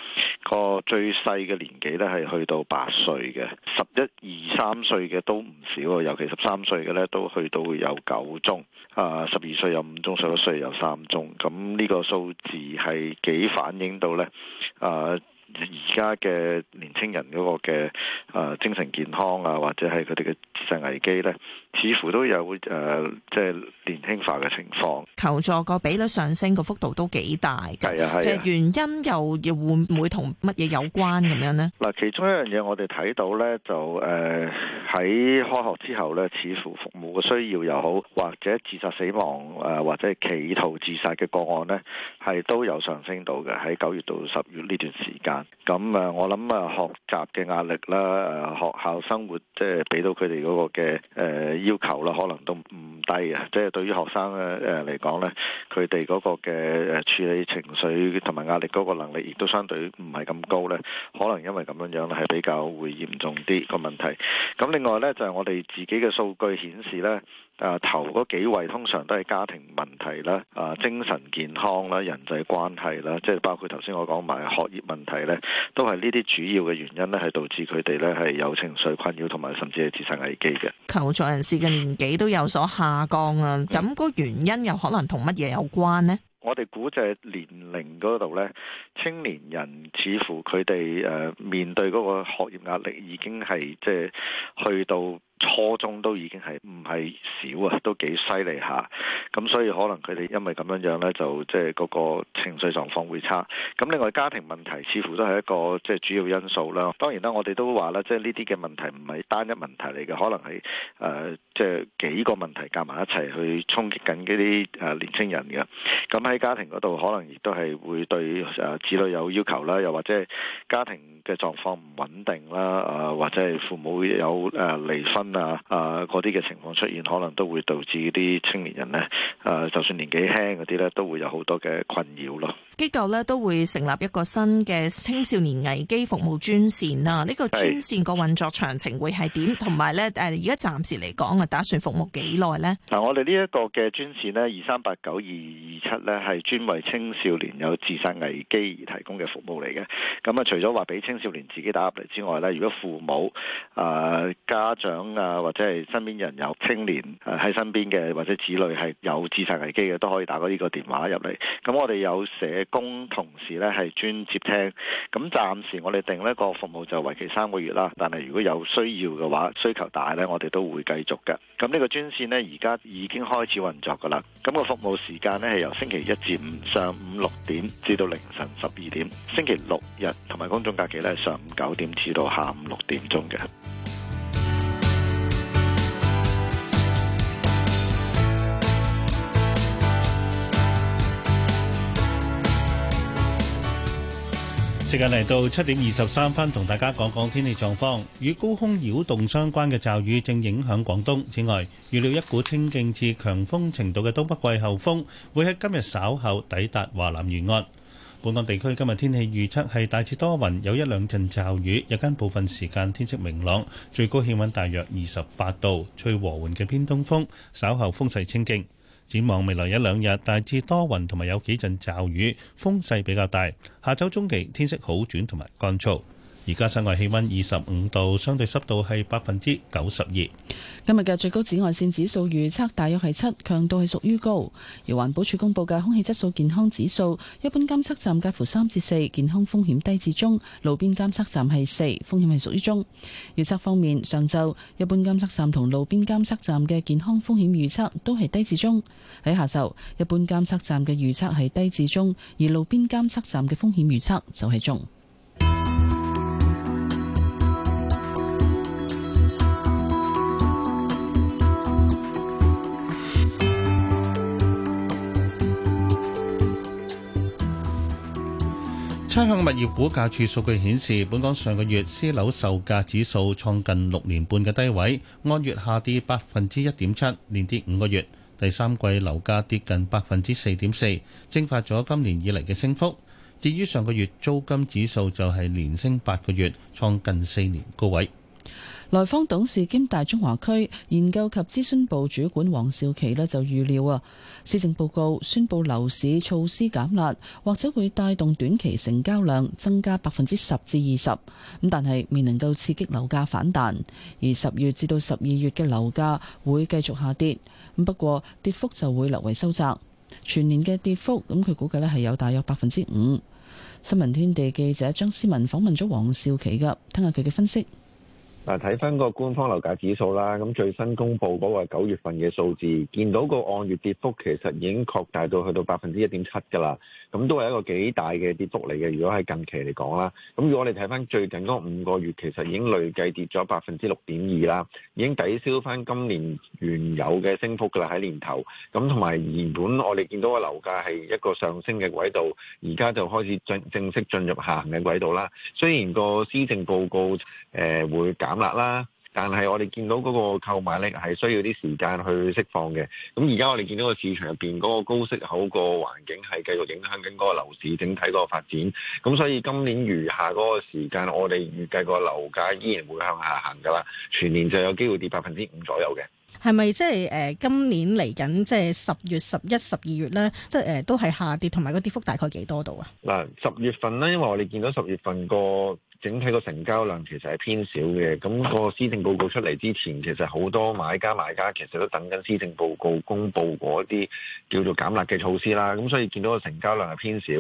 個最細嘅年紀呢係去到八歲嘅，十一二三歲嘅都唔少，啊，尤其十三歲嘅呢都去到有九宗，啊十二歲有五宗，十一歲有三宗，咁呢個數字係幾反映到呢，啊、呃，而家嘅年青人嗰個嘅啊精神健康啊，或者係佢哋嘅精神危機呢。似乎都有誒、呃，即係年輕化嘅情況。求助個比率上升個幅度都幾大嘅，啊啊、其實原因又又會唔會同乜嘢有關咁樣呢？嗱，其中一樣嘢我哋睇到咧，就誒喺、呃、開學之後咧，似乎服務嘅需要又好，或者自殺死亡誒、呃，或者企圖自殺嘅個案咧，係都有上升到嘅喺九月到十月呢段時間。咁啊、呃，我諗啊，學習嘅壓力啦，誒學校生活即係俾到佢哋嗰個嘅誒。呃要求啦，可能都唔低啊！即係對於學生咧，誒、呃、嚟講咧，佢哋嗰個嘅誒處理情緒同埋壓力嗰個能力，亦都相對唔係咁高咧。可能因為咁樣樣咧，係比較會嚴重啲個問題。咁另外咧，就係、是、我哋自己嘅數據顯示咧。啊！頭嗰幾位通常都係家庭問題啦、啊精神健康啦、人際關係啦，即係包括頭先我講埋學業問題咧，都係呢啲主要嘅原因咧，係導致佢哋咧係有情緒困擾同埋甚至係自殺危機嘅求助人士嘅年紀都有所下降啊！咁嗰、嗯、原因又可能同乜嘢有關呢？我哋估計年齡嗰度咧，青年人似乎佢哋誒面對嗰個學業壓力已經係即係去到。初中都已經係唔係少啊，都幾犀利下。咁所以可能佢哋因為咁樣樣呢，就即係嗰個情緒狀況會差。咁另外家庭問題似乎都係一個即係主要因素啦。當然啦，我哋都話啦，即係呢啲嘅問題唔係單一問題嚟嘅，可能係誒。呃即係幾個問題夾埋一齊去衝擊緊嗰啲誒年青人嘅，咁喺家庭嗰度可能亦都係會對誒子女有要求啦，又或者家庭嘅狀況唔穩定啦，誒或者係父母有誒離婚啊誒嗰啲嘅情況出現，可能都會導致啲青年人咧誒，就算年紀輕嗰啲咧都會有好多嘅困擾咯。機構咧都會成立一個新嘅青少年危機服務專線啊！呢個專線個運作詳情會係點？同埋咧誒，而家暫時嚟講啊，打算服務幾耐呢？嗱、嗯，我哋呢一個嘅專線呢，二三八九二二七咧，係專為青少年有自殺危機而提供嘅服務嚟嘅。咁、嗯、啊，除咗話俾青少年自己打入嚟之外咧，如果父母啊、呃、家長啊，或者係身邊人有青年喺身邊嘅，或者子女係有自殺危機嘅，都可以打過呢個電話入嚟。咁、嗯、我哋有寫。工同事咧係專接聽，咁暫時我哋定呢個服務就為期三個月啦。但係如果有需要嘅話，需求大呢，我哋都會繼續嘅。咁呢個專線呢，而家已經開始運作嘅啦。咁、那個服務時間呢，係由星期一至五上午六點至到凌晨十二點，星期六日同埋公眾假期呢，係上午九點至到下午六點鐘嘅。時間嚟到七點二十三分，同大家講講天氣狀況。與高空擾動相關嘅驟雨正影響廣東。此外，預料一股清勁至強風程度嘅東北季候風會喺今日稍後抵達華南沿岸。本港地區今日天氣預測係大致多雲，有一兩陣驟雨，日間部分時間天色明朗，最高氣溫大約二十八度，吹和緩嘅偏東風，稍後風勢清勁。展望未來一兩日，大致多雲同埋有幾陣驟雨，風勢比較大。下週中期天色好轉同埋乾燥。而家室外氣温二十五度，相對濕度係百分之九十二。今日嘅最高紫外線指數預測大約係七，強度係屬於高。而環保署公佈嘅空氣質素健康指數，一般監測站介乎三至四，健康風險低至中；路邊監測站係四，風險係屬於中。預測方面，上晝一般監測站同路邊監測站嘅健康風險預測都係低至中。喺下晝，一般監測站嘅預測係低至中，而路邊監測站嘅風險預測就係中。香港物業估價處數據顯示，本港上個月私樓售價指數創近六年半嘅低位，按月下跌百分之一點七，連跌五個月。第三季樓價跌近百分之四點四，蒸發咗今年以嚟嘅升幅。至於上個月租金指數就係連升八個月，創近四年高位。來方董事兼大中華區研究及諮詢部主管黃少琪咧，就預料啊，施政報告宣布樓市措施減辣，或者會帶動短期成交量增加百分之十至二十咁，但係未能夠刺激樓價反彈，而十月至到十二月嘅樓價會繼續下跌咁。不過跌幅就會略為收窄，全年嘅跌幅咁，佢估計咧係有大約百分之五。新聞天地記者張思文訪問咗黃少琪，噶，聽下佢嘅分析。嗱，睇翻個官方樓價指數啦，咁最新公布嗰個九月份嘅數字，見到個按月跌幅其實已經擴大到去到百分之一點七噶啦。咁都係一個幾大嘅跌幅嚟嘅，如果喺近期嚟講啦，咁如果我哋睇翻最近嗰五個月，其實已經累計跌咗百分之六點二啦，已經抵消翻今年原有嘅升幅噶啦，喺年頭，咁同埋原本我哋見到個樓價係一個上升嘅軌道，而家就開始正正式進入下行嘅軌道啦。雖然個施政報告誒、呃、會減壓啦。但係我哋見到嗰個購買力係需要啲時間去釋放嘅，咁而家我哋見到個市場入邊嗰個高息口個環境係繼續影響緊嗰個樓市整體嗰個發展，咁所以今年餘下嗰個時間，我哋預計個樓價依然會向下行㗎啦，全年就有機會跌百分之五左右嘅。係咪即係誒今年嚟緊即係十月、十一、十二月咧，即係誒都係下跌，同埋個跌幅大概幾多度啊？嗱、呃，十月份咧，因為我哋見到十月份個。整體個成交量其實係偏少嘅，咁個施政報告出嚟之前，其實好多買家、賣家其實都等緊施政報告公布嗰啲叫做減壓嘅措施啦，咁所以見到個成交量係偏少。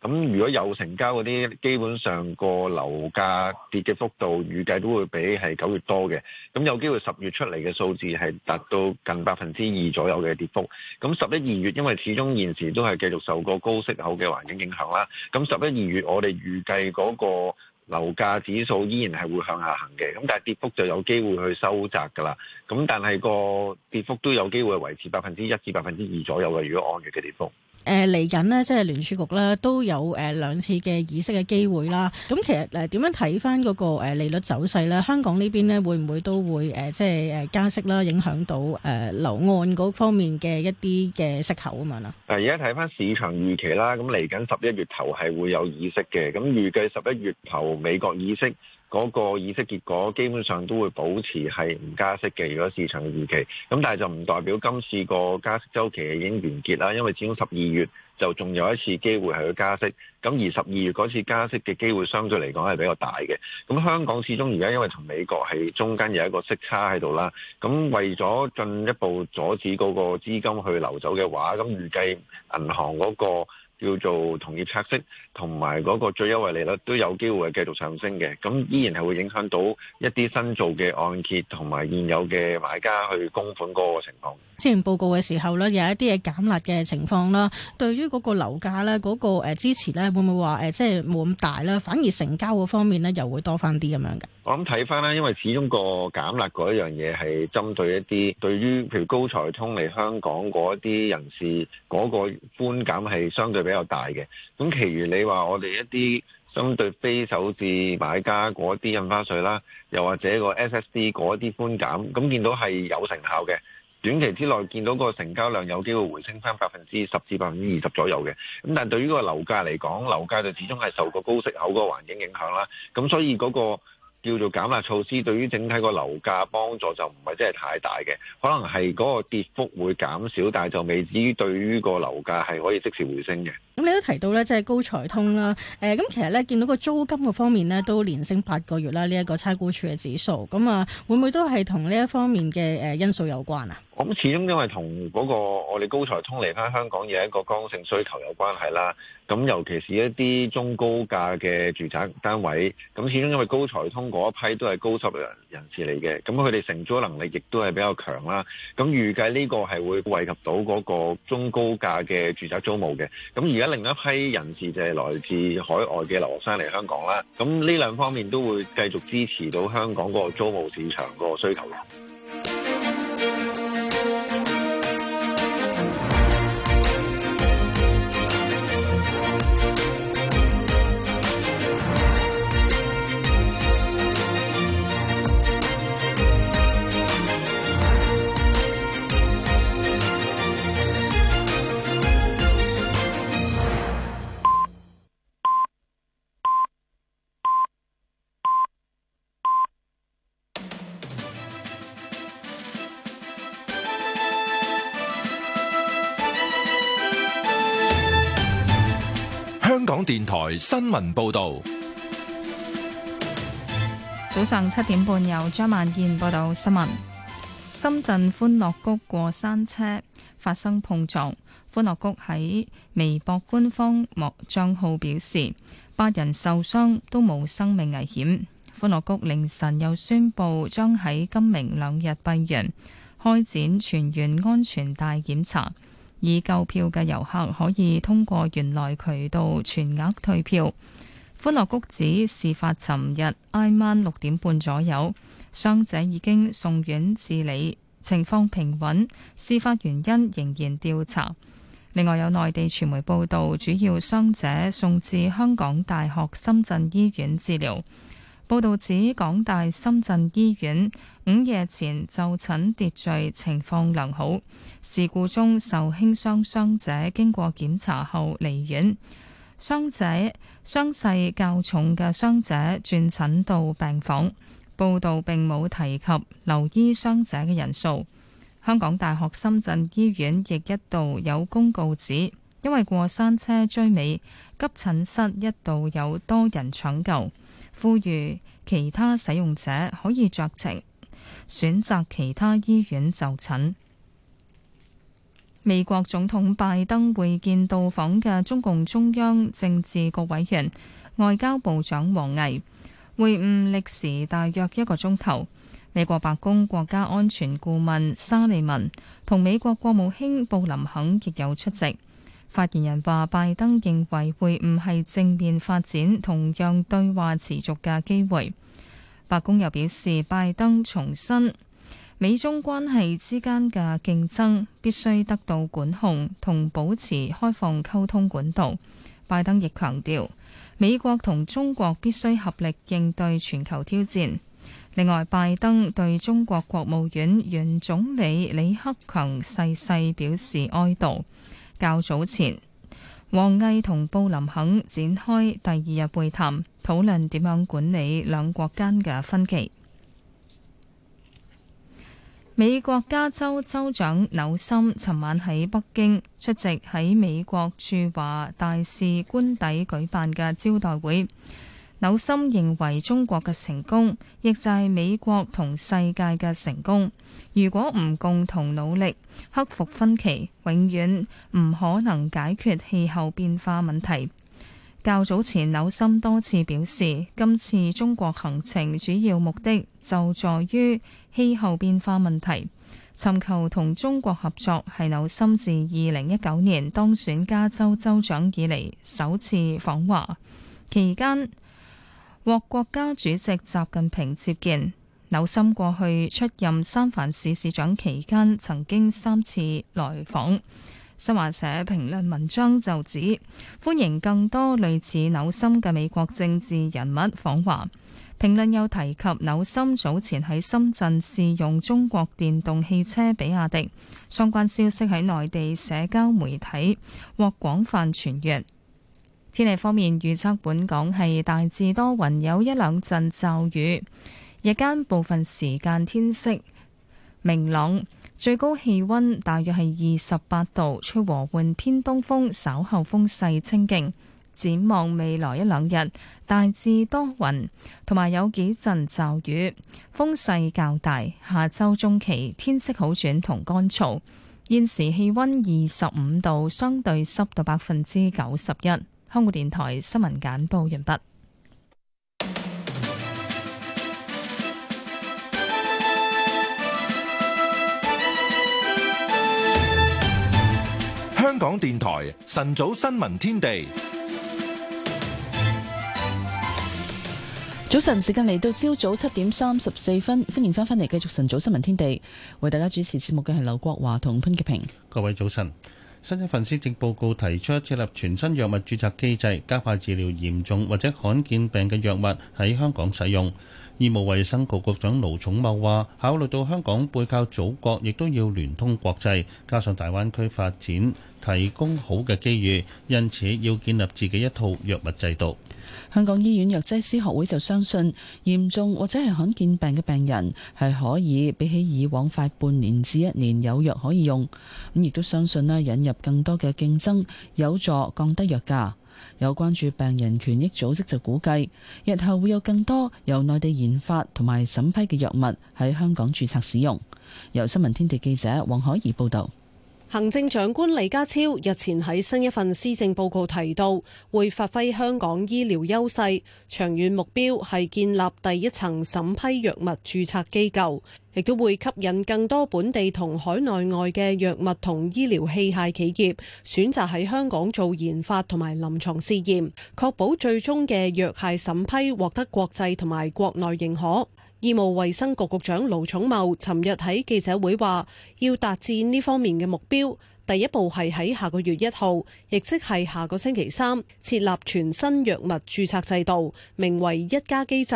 咁如果有成交嗰啲，基本上個樓價跌嘅幅度預計都會比係九月多嘅，咁有機會十月出嚟嘅數字係達到近百分之二左右嘅跌幅。咁十一二月因為始終現時都係繼續受個高息口嘅環境影響啦，咁十一二月我哋預計嗰個。樓價指數依然係會向下行嘅，咁但係跌幅就有機會去收窄噶啦。咁但係個跌幅都有機會維持百分之一至百分之二左右嘅，如果按月嘅跌幅。誒嚟緊咧，即係聯儲局咧都有誒、呃、兩次嘅議息嘅機會啦。咁其實誒點樣睇翻嗰個利率走勢咧？香港呢邊咧會唔會都會誒、呃、即係誒加息啦？影響到誒樓按嗰方面嘅一啲嘅息口咁樣啦。誒而家睇翻市場預期啦，咁嚟緊十一月頭係會有議息嘅，咁預計十一月頭美國議息。嗰個議息結果基本上都會保持係唔加息嘅，如果市場嘅預期，咁但係就唔代表今次個加息週期已經完結啦，因為始終十二月就仲有一次機會係去加息，咁而十二月嗰次加息嘅機會相對嚟講係比較大嘅。咁香港始終而家因為同美國係中間有一個息差喺度啦，咁為咗進一步阻止嗰個資金去流走嘅話，咁預計銀行嗰個，叫做同業拆息同埋嗰個最優惠利率都有機會繼續上升嘅，咁依然係會影響到一啲新做嘅按揭同埋現有嘅買家去供款嗰個情況。之前報告嘅時候咧，有一啲嘢減辣嘅情況啦，對於嗰個樓價咧，嗰個誒支持咧，會唔會話誒即係冇咁大啦，反而成交嗰方面咧，又會多翻啲咁樣嘅。我諗睇翻啦，因為始終個減辣嗰一樣嘢係針對一啲對於譬如高才通嚟香港嗰一啲人士嗰個寬減係相對比較。比較大嘅，咁其餘你話我哋一啲相對非首次買家嗰啲印花稅啦，又或者個 SSD 嗰啲寬減，咁見到係有成效嘅，短期之內見到個成交量有機會回升翻百分之十至百分之二十左右嘅，咁但係對於個樓價嚟講，樓價就始終係受個高息口個環境影響啦，咁所以嗰個。叫做減壓措施，對於整體個樓價幫助就唔係真係太大嘅，可能係嗰個跌幅會減少，但係就未至於對於個樓價係可以即時回升嘅。咁你都提到咧，即係高才通啦，誒，咁其實咧見到個租金個方面咧，都連升八個月啦，呢一個差估署嘅指數，咁啊，會唔會都係同呢一方面嘅誒因素有關啊？咁始終因為同嗰個我哋高才通嚟返香港，嘅一個剛性需求有關係啦。咁尤其是一啲中高價嘅住宅單位，咁始終因為高才通嗰一批都係高收入人，人士嚟嘅，咁佢哋承租能力亦都係比較強啦。咁預計呢個係會惠及到嗰個中高價嘅住宅租務嘅。咁而另一批人士就係來自海外嘅留學生嚟香港啦，咁呢兩方面都會繼續支持到香港個租務市場個需求啦。香港電台新聞報道，早上七點半有張萬燕報道新聞。深圳歡樂谷過山車發生碰撞，歡樂谷喺微博官方莫賬號表示，八人受傷都冇生命危險。歡樂谷凌晨又宣布將喺今明兩日閉園，開展全員安全帶檢查。已購票嘅遊客可以通過原來渠道全額退票。歡樂谷指事發尋日挨晚六點半左右，傷者已經送院治理，情況平穩。事發原因仍然調查。另外有內地傳媒報道，主要傷者送至香港大學深圳醫院治療。報道指港大深圳醫院。午夜前就診秩，秩序情況良好，事故中受輕傷傷者經過檢查後離院。傷者傷勢較重嘅傷者轉診到病房。報道並冇提及留醫傷者嘅人數。香港大學深圳醫院亦一度有公告指，因為過山車追尾，急診室一度有多人搶救，呼籲其他使用者可以酌情。選擇其他醫院就診。美國總統拜登會見到訪嘅中共中央政治局委員、外交部長王毅，會晤歷時大約一個鐘頭。美國白宮國家安全顧問沙利文同美國國務卿布林肯亦有出席。發言人話：拜登認為會晤係正面發展，同樣對話持續嘅機會。白宮又表示，拜登重申美中關係之間嘅競爭必須得到管控，同保持開放溝通管道。拜登亦強調，美國同中國必須合力應對全球挑戰。另外，拜登對中國國務院原總理李克強逝世表示哀悼。較早前，王毅同布林肯展開第二日會談。討論點樣管理兩國間嘅分歧。美國加州州長紐森尋晚喺北京出席喺美國駐華大使官邸舉辦嘅招待會。紐森認為中國嘅成功，亦就係美國同世界嘅成功。如果唔共同努力，克服分歧，永遠唔可能解決氣候變化問題。較早前紐森多次表示，今次中國行程主要目的就在於氣候變化問題，尋求同中國合作。係紐森自二零一九年當選加州州州長以嚟首次訪華，期間獲國家主席習近平接見。紐森過去出任三藩市市長期間，曾經三次來訪。新華社評論文章就指，歡迎更多類似紐森嘅美國政治人物訪華。評論又提及紐森早前喺深圳試用中國電動汽車比亞迪，相關消息喺內地社交媒體獲廣泛傳閱。天氣方面預測本港係大致多雲，有一兩陣驟雨，夜間部分時間天色明朗。最高氣溫大約係二十八度，吹和緩偏東風，稍後風勢清勁。展望未來一兩日，大致多雲，同埋有幾陣驟雨，風勢較大。下周中期天色好轉同乾燥。現時氣溫二十五度，相對濕度百分之九十一。香港電台新聞簡報完畢。香港電台晨早新聞天地，早晨時間嚟到朝早七點三十四分，歡迎翻返嚟繼續晨早新聞天地，為大家主持節目嘅係劉國華同潘潔平，各位早晨。新一份施政報告提出設立全新藥物註冊機制，加快治療嚴重或者罕見病嘅藥物喺香港使用。醫務衛生局局長盧寵茂話：考慮到香港背靠祖國，亦都要聯通國際，加上大灣區發展提供好嘅機遇，因此要建立自己一套藥物制度。香港醫院藥劑師學會就相信，嚴重或者係罕見病嘅病人係可以比起以往快半年至一年有藥可以用。咁亦都相信呢，引入更多嘅競爭有助降低藥價。有關注病人權益組織就估計，日後會有更多由內地研發同埋審批嘅藥物喺香港註冊使用。由新聞天地記者黃可怡報道。行政長官李家超日前喺新一份施政報告提到，會發揮香港醫療優勢，長遠目標係建立第一層審批藥物註冊機構，亦都會吸引更多本地同海內外嘅藥物同醫療器械企業選擇喺香港做研發同埋臨床試驗，確保最終嘅藥械審批獲得國際同埋國內認可。醫務衛生局局長盧寵茂尋日喺記者會話，要達至呢方面嘅目標，第一步係喺下個月一號，亦即係下個星期三，設立全新藥物注冊制度，名為一加機制。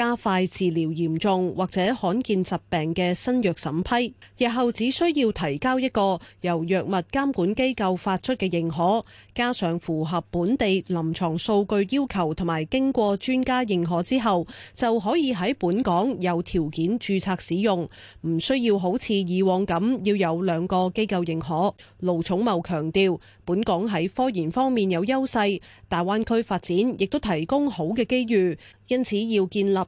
加快治療嚴重或者罕見疾病嘅新藥審批，日後只需要提交一個由藥物監管機構發出嘅認可，加上符合本地臨牀數據要求同埋經過專家認可之後，就可以喺本港有條件註冊使用，唔需要好似以往咁要有兩個機構認可。盧寵茂強調，本港喺科研方面有優勢，大灣區發展亦都提供好嘅機遇，因此要建立。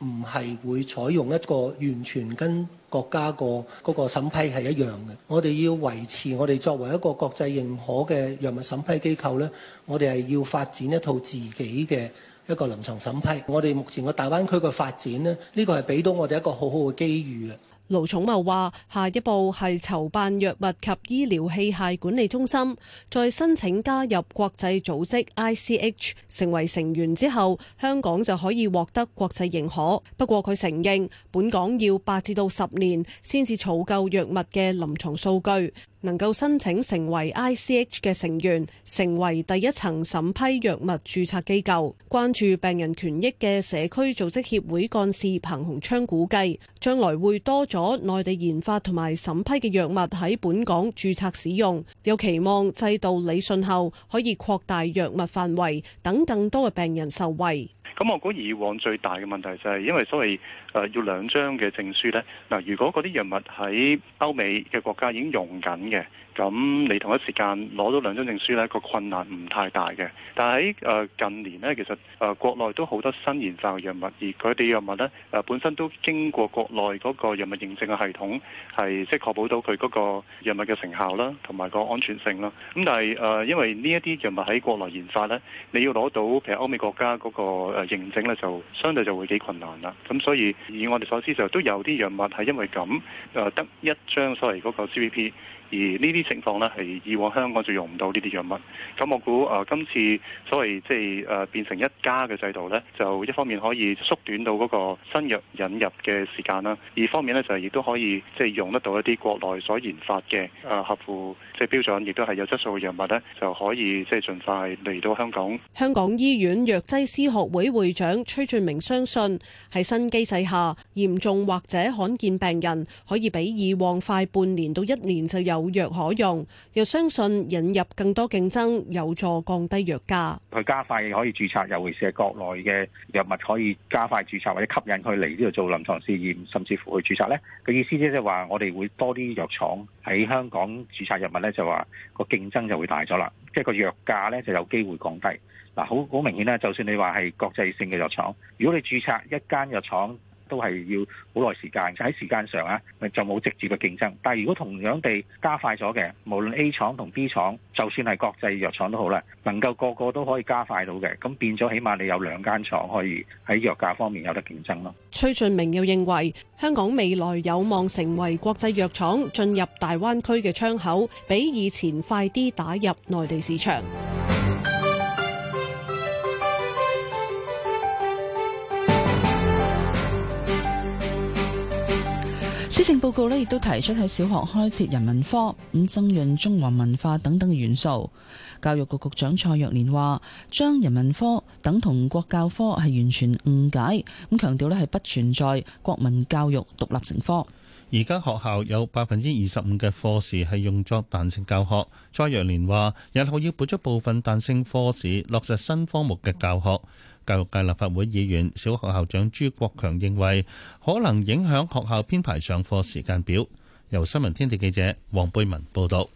唔係會採用一個完全跟國家個嗰個審批係一樣嘅，我哋要維持我哋作為一個國際認可嘅藥物審批機構咧，我哋係要發展一套自己嘅一個臨床審批。我哋目前個大灣區嘅發展咧，呢個係俾到我哋一個好好嘅機遇啊！盧寵茂話：下一步係籌辦藥物及醫療器械管理中心，再申請加入國際組織 ICH 成為成員之後，香港就可以獲得國際認可。不過佢承認，本港要八至到十年先至儲夠藥物嘅臨床數據。能夠申請成為 ICH 嘅成員，成為第一層審批藥物註冊機構。關注病人權益嘅社區組織協會幹事彭鴻昌估計，將來會多咗內地研發同埋審批嘅藥物喺本港註冊使用，又期望制度理順後可以擴大藥物範圍，等更多嘅病人受惠。咁我估以往最大嘅問題就係因為所謂，要兩張嘅證書呢。嗱，如果嗰啲藥物喺歐美嘅國家已經用緊嘅，咁你同一時間攞到兩張證書呢，個困難唔太大嘅。但喺近年呢，其實誒國內都好多新研發嘅藥物，而佢哋藥物呢誒本身都經過國內嗰個藥物認證嘅系統，係即係確保到佢嗰個藥物嘅成效啦，同埋個安全性啦。咁但係誒、呃，因為呢一啲藥物喺國內研發呢，你要攞到譬如歐美國家嗰個誒認證呢，就相對就會幾困難啦。咁所以以我哋所知就都有啲藥物係因為咁，誒得一張所謂嗰個 CVP。而呢啲情況咧係以往香港就用唔到呢啲藥物，咁我估誒今次所謂即係誒變成一家嘅制度咧，就一方面可以縮短到嗰個新藥引入嘅時間啦，二方面咧就係亦都可以即係用得到一啲國內所研發嘅誒合乎即係標準，亦都係有質素嘅藥物咧，就可以即係盡快嚟到香港。香港醫院藥劑師學會會長崔俊明相信，喺新機制下，嚴重或者罕見病人可以比以往快半年到一年就有。有藥可用，又相信引入更多競爭，有助降低藥價。佢加快可以註冊，尤其是係國內嘅藥物可以加快註冊，或者吸引佢嚟呢度做臨床試驗，甚至乎去註冊。呢個意思即係話，我哋會多啲藥廠喺香港註冊藥物咧，就話個競爭就會大咗啦，即係個藥價咧就有機會降低。嗱，好好明顯啦，就算你話係國際性嘅藥廠，如果你註冊一間藥廠。都係要好耐時間，時就喺時間上咧，就冇直接嘅競爭。但係如果同樣地加快咗嘅，無論 A 廠同 B 廠，就算係國際藥廠都好啦，能夠個個都可以加快到嘅，咁變咗，起碼你有兩間廠可以喺藥價方面有得競爭咯。崔俊明又認為，香港未來有望成為國際藥廠進入大灣區嘅窗口，比以前快啲打入內地市場。施政報告呢亦都提出喺小學開設人文科，咁增潤中華文化等等嘅元素。教育局局長蔡若蓮話：將人文科等同國教科係完全誤解，咁強調呢係不存在國民教育獨立成科。而家學校有百分之二十五嘅課時係用作彈性教學。蔡若蓮話：日後要撥出部分彈性課時，落實新科目嘅教學。教育界立法會議員、小學校長朱國強認為，可能影響學校編排上課時間表。由新聞天地記者黃貝文報道。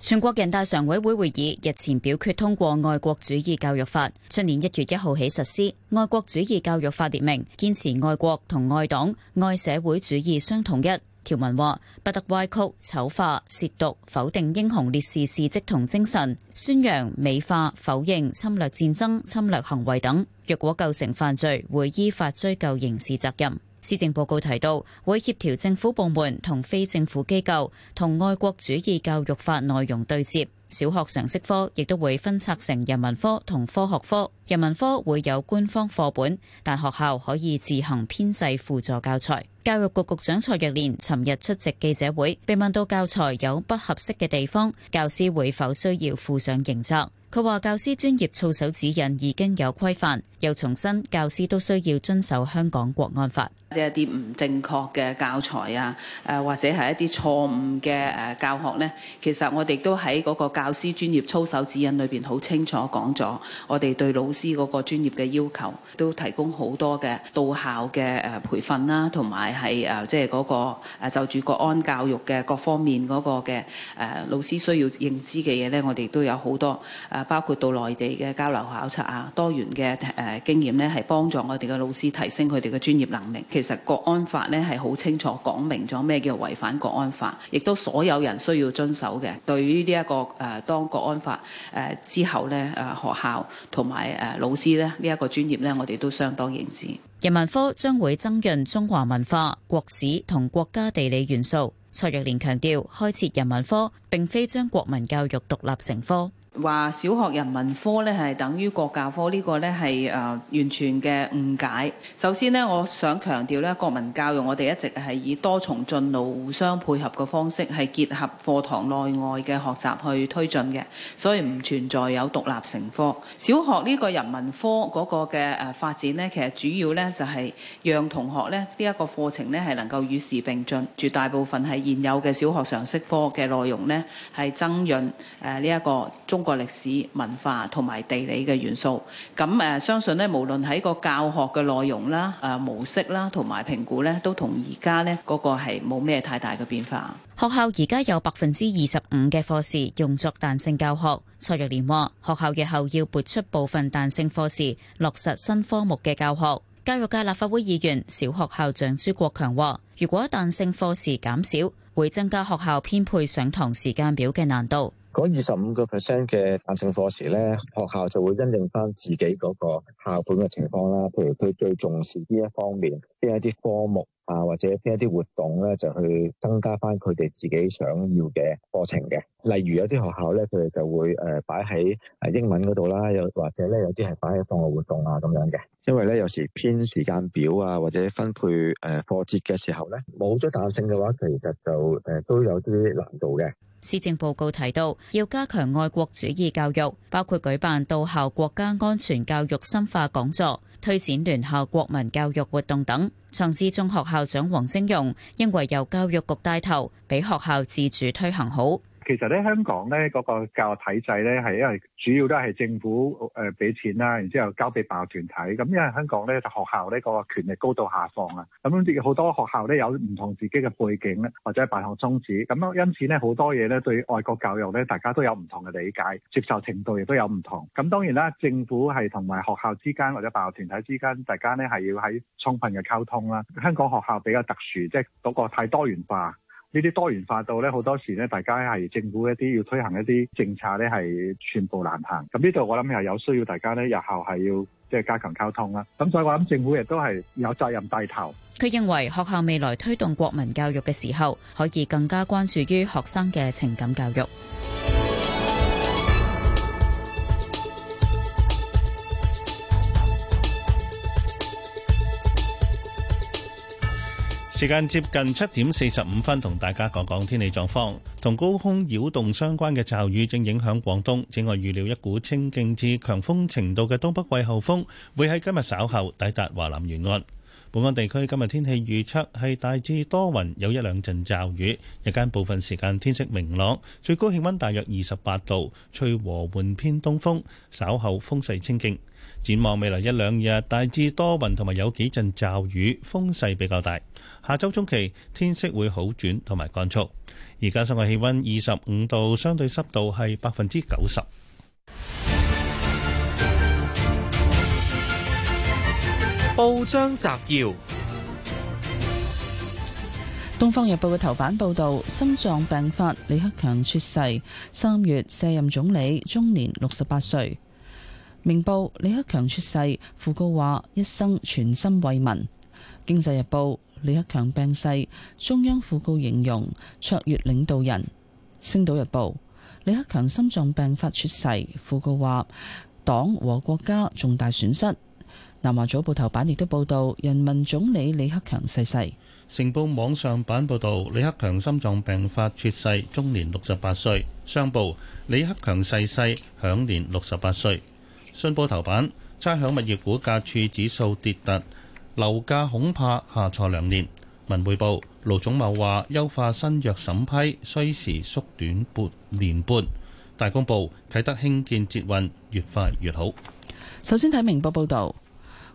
全國人大常委會會議日前表決通過《愛國主義教育法》，出年一月一號起實施。《愛國主義教育法》列明，堅持愛國同愛黨、愛社會主義相統一。條文話不得歪曲、醜化、褻瀆、否定英雄烈士事蹟同精神，宣揚美化、否認侵略戰爭、侵略行為等。若果構成犯罪，會依法追究刑事責任。施政報告提到，會協調政府部門同非政府機構同《愛國主義教育法》內容對接。小學常識科亦都會分拆成人文科同科學科。人文科會有官方課本，但學校可以自行編製輔助教材。教育局局長蔡若蓮尋日出席記者會，被問到教材有不合適嘅地方，教師會否需要負上刑責？佢話教師專業操守指引已經有規範。又重申，教師都需要遵守香港國安法。即係一啲唔正確嘅教材啊，誒或者係一啲錯誤嘅誒教學咧。其實我哋都喺嗰個教師專業操守指引裏邊好清楚講咗，我哋對老師嗰個專業嘅要求都提供好多嘅到校嘅誒培訓啦，同埋係誒即係嗰個誒就住國安教育嘅各方面嗰個嘅誒老師需要認知嘅嘢咧，我哋都有好多誒包括到內地嘅交流考察啊，多元嘅誒。誒經驗咧，係幫助我哋嘅老師提升佢哋嘅專業能力。其實國安法咧係好清楚講明咗咩叫違反國安法，亦都所有人需要遵守嘅。對於呢一個誒，當國安法誒之後咧誒，學校同埋誒老師咧呢一個專業咧，我哋都相當認知。人文科將會增潤中華文化、國史同國家地理元素。蔡若蓮強調，開設人文科並非將國民教育獨立成科。話小學人文科呢係等於國教科呢個呢係誒完全嘅誤解。首先呢，我想強調呢，國民教育我哋一直係以多重進路互相配合嘅方式，係結合課堂內外嘅學習去推進嘅，所以唔存在有獨立成科。小學呢個人文科嗰個嘅誒發展呢，其實主要呢就係讓同學呢，呢一個課程呢係能夠與時並進，絕大部分係現有嘅小學常識科嘅內容呢，係增潤誒呢一個中，個歷史文化同埋地理嘅元素，咁誒相信呢，無論喺個教學嘅內容啦、誒模式啦，同埋評估呢，都同而家呢嗰個係冇咩太大嘅變化。學校而家有百分之二十五嘅課時用作彈性教學。蔡若蓮話：學校日後要撥出部分彈性課時，落實新科目嘅教學。教育界立法會議員小學校長朱國強話：如果彈性課時減少，會增加學校編配上堂時間表嘅難度。嗰二十五個 percent 嘅彈性課時咧，學校就會因應翻自己嗰個校本嘅情況啦。譬如佢最重視呢一方面，邊一啲科目。啊，或者編一啲活動咧，就去增加翻佢哋自己想要嘅課程嘅。例如有啲學校咧，佢哋就會誒擺喺誒英文嗰度啦，又或者咧有啲係擺喺課外活動啊咁樣嘅。因為咧有時編時間表啊，或者分配誒課節嘅時候咧，冇咗彈性嘅話，其實就誒都有啲難度嘅。施政報告提到，要加強愛國主義教育，包括舉辦到校國家安全教育深化講座。推展聯校國民教育活動等，創智中學校長黃晶容認為由教育局帶頭，比學校自主推行好。其實咧，香港咧嗰、那個教育體制咧，係因為主要都係政府誒俾、呃、錢啦，然之後交俾辦學團體。咁、嗯、因為香港咧，就學校咧、這個權力高度下放啦。咁、嗯、好多學校咧有唔同自己嘅背景咧，或者辦學宗旨。咁、嗯、因此咧，好多嘢咧對外國教育咧，大家都有唔同嘅理解，接受程度亦都有唔同。咁、嗯、當然啦，政府係同埋學校之間或者辦學團體之間，大家咧係要喺充分嘅溝通啦。香港學校比較特殊，即係嗰個太多元化。呢啲多元化到咧，好多時咧，大家係政府一啲要推行一啲政策咧，係寸步難行。咁呢度我諗係有需要大家咧，日後係要即係加強溝通啦。咁所以我諗，政府亦都係有責任帶頭。佢認為學校未來推動國民教育嘅時候，可以更加關注於學生嘅情感教育。時間接近七點四十五分，同大家講講天氣狀況。同高空擾動相關嘅驟雨正影響廣東。此外，預料一股清勁至強風程度嘅東北季候風會喺今日稍後抵達華南沿岸。本港地區今日天氣預測係大致多雲，有一兩陣驟雨。日間部分時間天色明朗，最高氣溫大約二十八度，吹和緩偏東風。稍後風勢清勁。展望未來一兩日，大致多雲，同埋有幾陣驟雨，風勢比較大。下周中期天色會好轉，同埋乾燥。而家室外氣溫二十五度，相對濕度係百分之九十。報章摘要，《東方日報》嘅頭版報道，心臟病發，李克強去世。三月卸任總理，終年六十八歲。明報李克強去世，訃告話一生全心為民。《經濟日報》李克強病逝，中央訃告形容卓越領導人。《星島日報》：李克強心臟病發猝逝」訃告話黨和國家重大損失。南華早報頭版亦都報道，人民總理李克強逝世，世。成報網上版報道李克強心臟病發猝逝，終年六十八歲。商報：李克強逝世，世，享年六十八歲。信報頭版：差響物業股價處指數跌突。樓價恐怕下挫兩年。文匯報盧寵茂話：優化新藥審批，需時縮短半年半。大公報啟德興建捷運，越快越好。首先睇明報報導，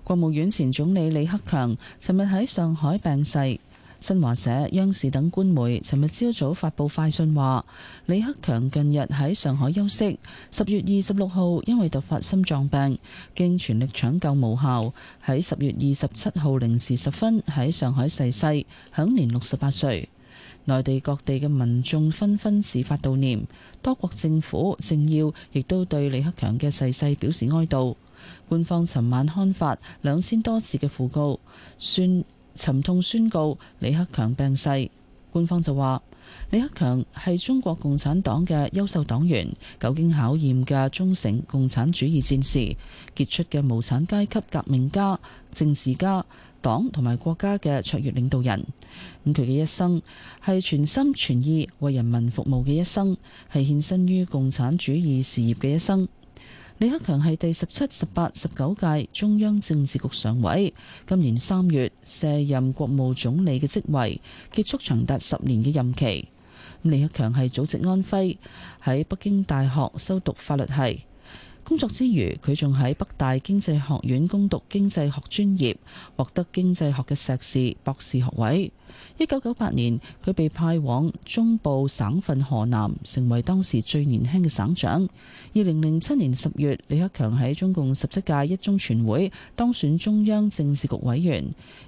國務院前總理李克強尋日喺上海病逝。新華社、央視等官媒尋日朝早發布快訊話，李克強近日喺上海休息。十月二十六號，因為突發心臟病，經全力搶救無效，喺十月二十七號零時十分喺上海逝世，享年六十八歲。內地各地嘅民眾紛紛自發悼念，多國政府、政要亦都對李克強嘅逝世表示哀悼。官方尋晚刊發兩千多字嘅訃告，算。沉痛宣告李克強病逝，官方就話李克強係中國共產黨嘅優秀黨員，久經考驗嘅忠誠共產主義戰士，傑出嘅無產階級革命家、政治家，黨同埋國家嘅卓越領導人。咁佢嘅一生係全心全意為人民服務嘅一生，係獻身於共產主義事業嘅一生。李克強係第十七、十八、十九屆中央政治局常委，今年三月卸任國務總理嘅職位，結束長達十年嘅任期。李克強係祖籍安徽，喺北京大學修讀法律系。工作之餘，佢仲喺北大經濟學院攻讀經濟學專業，獲得經濟學嘅碩士、博士學位。一九九八年，佢被派往中部省份河南，成為當時最年輕嘅省長。二零零七年十月，李克強喺中共十七屆一中全會當選中央政治局委員。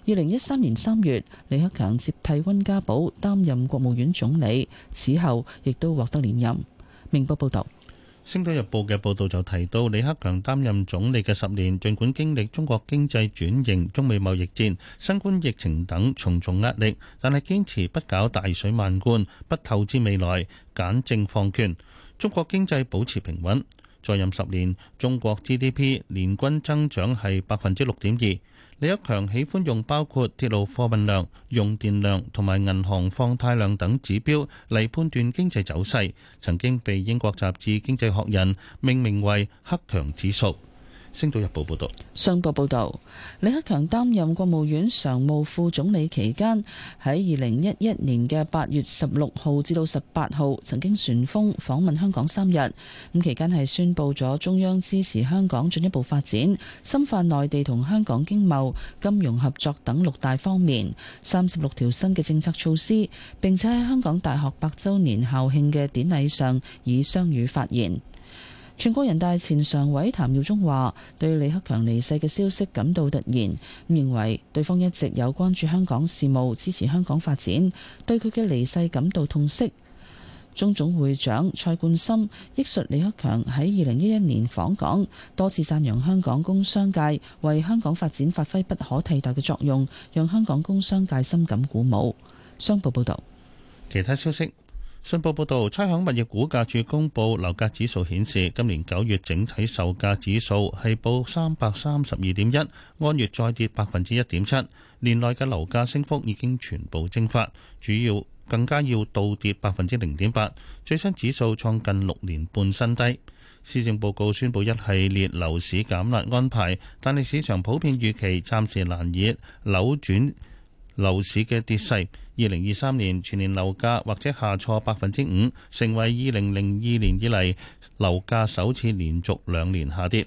二零一三年三月，李克強接替溫家寶擔任國務院總理，此後亦都獲得連任。明報報導。《星島日報》嘅報道就提到，李克強擔任總理嘅十年，儘管經歷中國經濟轉型、中美貿易戰、新冠疫情等重重壓力，但係堅持不搞大水漫灌、不透支未來、簡政放權，中國經濟保持平穩。在任十年，中國 GDP 年均增長係百分之六點二。李克強喜歡用包括鐵路貨運量、用電量同埋銀行放貸量等指標嚟判斷經濟走勢，曾經被英國雜誌《經濟學人》命名為“克強指數”。《星島日報》報道，商報報道，李克強擔任國務院常務副總理期間，喺二零一一年嘅八月十六號至到十八號，曾經旋風訪問香港三日。咁期間係宣佈咗中央支持香港進一步發展、深化內地同香港經貿金融合作等六大方面三十六條新嘅政策措施，並且喺香港大學百周年校慶嘅典禮上以雙語發言。全國人大前常委譚耀宗話，對李克強離世嘅消息感到突然，認為對方一直有關注香港事務，支持香港發展，對佢嘅離世感到痛惜。中總會長蔡冠深憶述李克強喺二零一一年訪港，多次讚揚香港工商界為香港發展發揮不可替代嘅作用，讓香港工商界深感鼓舞。商報報道，其他消息。信報報導，差餉物業估價署公布樓價指數顯示，今年九月整體售價指數係報三百三十二點一，按月再跌百分之一點七，年內嘅樓價升幅已經全部蒸發，主要更加要倒跌百分之零點八，最新指數創近六年半新低。施政報告宣佈一系列樓市減壓安排，但係市場普遍預期暫時難以扭轉。樓市嘅跌勢，二零二三年全年樓價或者下挫百分之五，成為二零零二年以嚟樓價首次連續兩年下跌。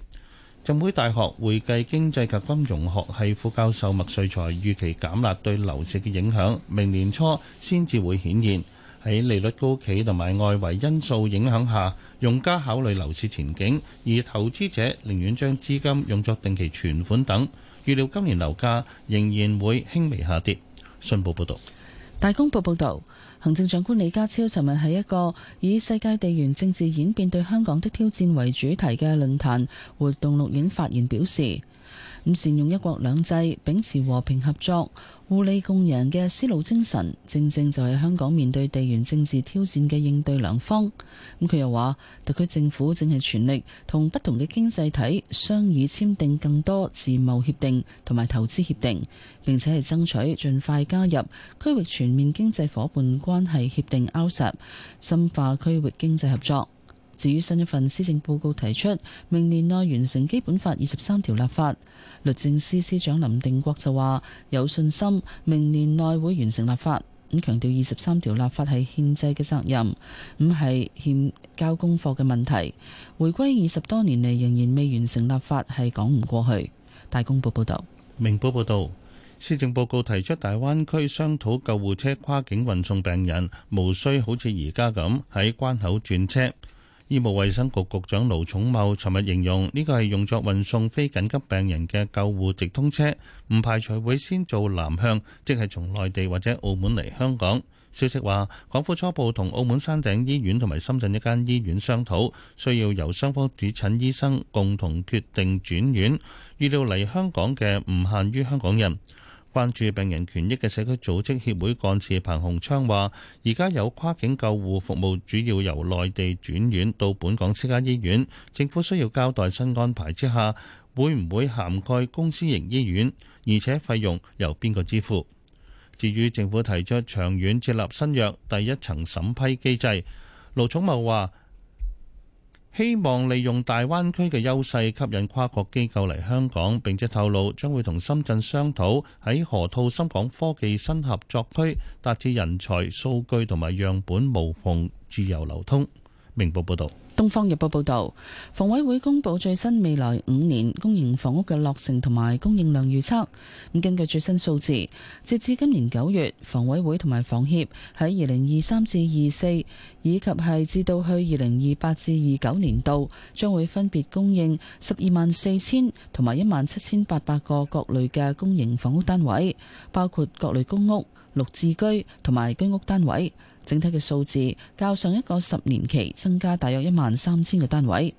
浸會大學會計經濟及金融學系副教授麥瑞才預期減息對樓市嘅影響，明年初先至會顯現。喺利率高企同埋外圍因素影響下，用家考慮樓市前景，而投資者寧願將資金用作定期存款等。預料今年樓價仍然會輕微下跌。信報報道，大公報報道，行政長官李家超尋日喺一個以世界地緣政治演變對香港的挑戰為主題嘅論壇活動錄影發言表示，唔善用一國兩制，秉持和平合作，互利共贏嘅思路精神，正正就係香港面對地緣政治挑戰嘅應對良方。咁佢又話，特區政府正係全力同不同嘅經濟體商議簽訂更多自貿協定同埋投資協定，並且係爭取盡快加入區域全面經濟伙伴關係協定 o s 歐錫，深化區域經濟合作。至於新一份施政報告提出，明年內完成基本法二十三條立法，律政司司長林定國就話有信心明年內會完成立法。咁強調二十三條立法係憲制嘅責任，唔係欠交功課嘅問題。回歸二十多年嚟仍然未完成立法係講唔過去。大公報報道。明報報道，施政報告提出大灣區商討救護車跨境運送病人，無需好似而家咁喺關口轉車。醫務衛生局局長盧寵茂尋日形容呢個係用作運送非緊急病人嘅救護直通車，唔排除會先做南向，即係從內地或者澳門嚟香港。消息話，港府初步同澳門山頂醫院同埋深圳一間醫院商討，需要由雙方主診醫生共同決定轉院。預料嚟香港嘅唔限於香港人。關注病人權益嘅社區組織協會幹事彭洪昌話，而家有跨境救護服務，主要由內地轉院到本港私家醫院。政府需要交代新安排之下，會唔會涵蓋公私營醫院，而且費用由邊個支付？至於政府提出長遠設立新藥第一層審批機制，盧寵茂話。希望利用大灣區嘅優勢吸引跨國機構嚟香港，並且透露將會同深圳商討喺河套深港科技新合作區達至人才、數據同埋樣本無縫自由流通。明報報道。《東方日報》報導，房委會公布最新未來五年公營房屋嘅落成同埋供應量預測。咁根據最新數字，截至今年九月，房委會同埋房協喺二零二三至二四，以及係至到去二零二八至二九年度，將會分別供應十二萬四千同埋一萬七千八百個各類嘅公營房屋單位，包括各類公屋、綠置居同埋居屋單位。整體嘅數字較上一個十年期增加大約一萬三千個單位。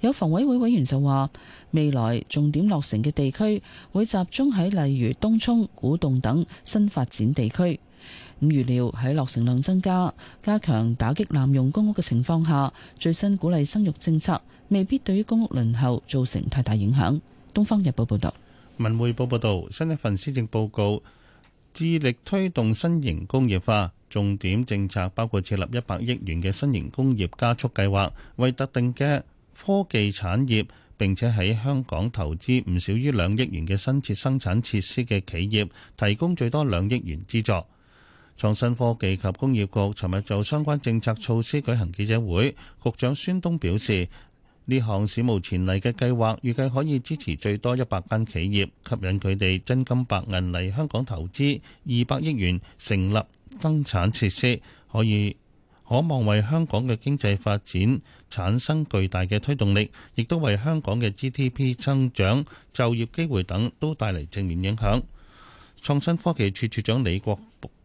有房委會委員就話未來重點落成嘅地區會集中喺例如東涌古洞等新發展地區，咁、嗯、預料喺落成量增加，加強打擊濫用公屋嘅情況下，最新鼓勵生育政策未必對於公屋輪候造成太大影響。東方日報報道。文匯報報道，新一份施政報告致力推動新型工業化。重點政策包括設立一百億元嘅新型工業加速計劃，為特定嘅科技產業並且喺香港投資唔少於兩億元嘅新設生產設施嘅企業提供最多兩億元資助。創新科技及工業局尋日就相關政策措施舉行記者會，局長孫東表示，呢項史無前例嘅計劃預計可以支持最多一百間企業，吸引佢哋真金白銀嚟香港投資二百億元成立生產設施可以可望為香港嘅經濟發展產生巨大嘅推動力，亦都為香港嘅 GDP 增長、就業機會等都帶嚟正面影響。創新科技處處長李國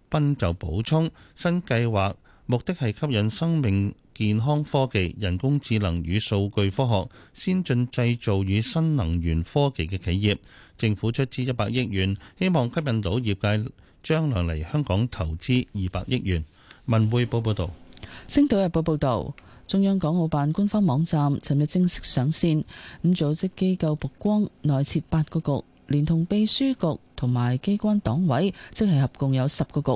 斌就補充，新計劃目的係吸引生命健康科技、人工智能與數據科學、先進製造與新能源科技嘅企業，政府出資一百億元，希望吸引到業界。將來嚟香港投資二百億元。文匯報報道，星島日報報道，中央港澳辦官方網站尋日正式上線。咁組織機構曝光，內設八個局，連同秘書局同埋機關黨委，即係合共有十個局。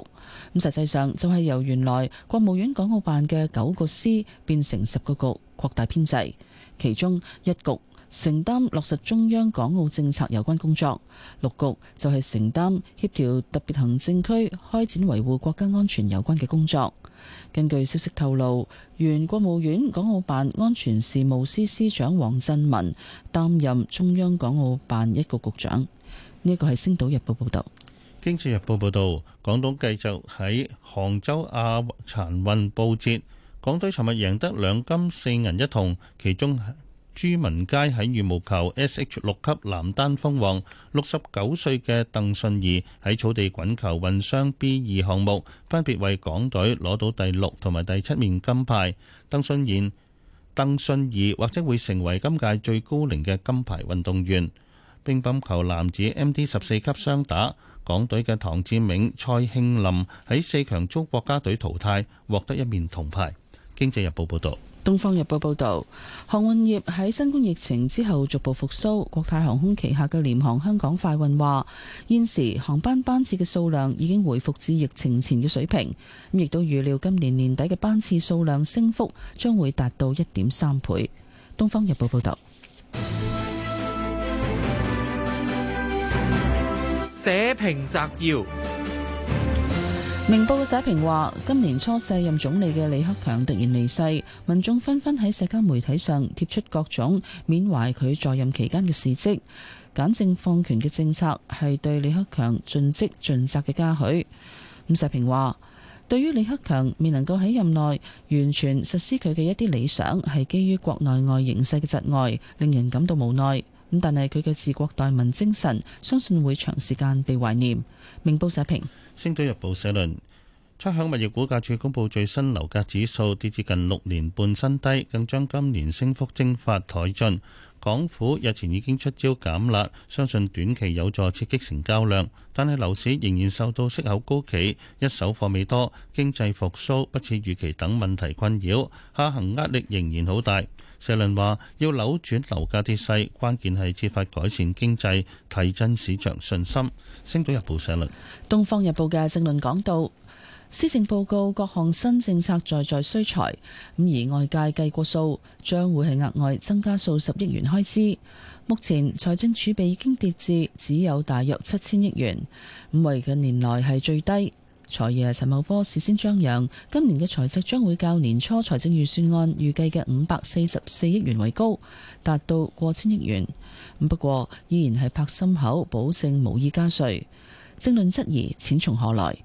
咁實際上就係由原來國務院港澳辦嘅九個司變成十個局，擴大編制。其中一局，承擔落實中央港澳政策有關工作，六局就係承擔協調特別行政區開展維護國家安全有關嘅工作。根據消息透露，原國務院港澳辦安全事務司司長黃振文擔任中央港澳辦一局局長。呢個係《星島日報》報道，《經濟日報》報道，廣東繼續喺杭州亞殘運報捷，港隊尋日贏得兩金四銀一銅，其中。朱文佳喺羽毛球 S.H. 六級男單封王，六十九歲嘅鄧信儀喺草地滾球混雙 B 二項目，分別為港隊攞到第六同埋第七面金牌。鄧信賢、鄧信儀或者會成為今屆最高齡嘅金牌運動員。乒乓球男子 M.D. 十四級雙打，港隊嘅唐志明、蔡慶林喺四強遭國家隊淘汰，獲得一面銅牌。《經濟日報》報道。《東方日報》報道，航運業喺新冠疫情之後逐步復甦。國泰航空旗下嘅廉航香港快運話，現時航班班次嘅數量已經回復至疫情前嘅水平，亦都預料今年年底嘅班次數量升幅將會達到一點三倍。《東方日報》報道。社評摘要。明報嘅社評話，今年初卸任總理嘅李克強突然離世，民眾紛紛喺社交媒體上貼出各種緬懷佢在任期間嘅事蹟。簡政放權嘅政策係對李克強盡職盡責嘅嘉許。咁社評話，對於李克強未能夠喺任內完全實施佢嘅一啲理想，係基於國內外形勢嘅窒礙，令人感到無奈。咁但係佢嘅治國待民精神，相信會長時間被懷念。明報社評。星島日報社論：差餉物業估價署公布最新樓價指數跌至近六年半新低，更將今年升幅蒸發殆盡。港府日前已經出招減辣，相信短期有助刺激成交量，但係樓市仍然受到息口高企、一手貨未多、經濟復蘇不似預期等問題困擾，下行壓力仍然好大。社論話要扭轉樓價跌勢，關鍵係設法改善經濟，提振市場信心。《星島日報》社論，《東方日報》嘅政論講到，施政報告各項新政策在在需財，咁而外界計過數，將會係額外增加數十億元開支。目前財政儲備已經跌至只有大約七千億元，咁為近年來係最低。財爺陳茂波事先張揚，今年嘅財赤將會較年初財政預算案預計嘅五百四十四億元為高，達到過千億元。不過依然係拍心口，保證無意加稅。政論質疑錢從何來？《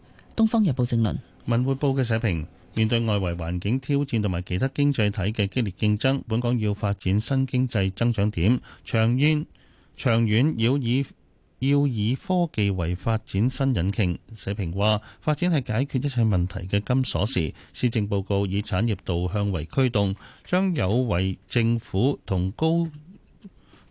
東方日報》政論、文匯報嘅社評：面對外圍環境挑戰同埋其他經濟體嘅激烈競爭，本港要發展新經濟增長點，長遠，長遠要以要以科技為發展新引擎，社評話，發展係解決一切問題嘅金鎖匙。施政報告以產業導向為驅動，將有為政府同高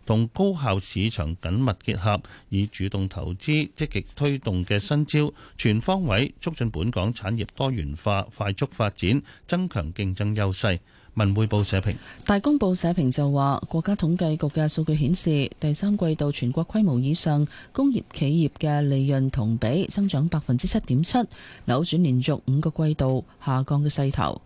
同高校市場緊密結合，以主動投資積極推動嘅新招，全方位促進本港產業多元化、快速發展，增強競爭優勢。文匯報社評，大公報社評就話，國家統計局嘅數據顯示，第三季度全國規模以上工業企業嘅利潤同比增長百分之七點七，扭轉連續五個季度下降嘅勢頭。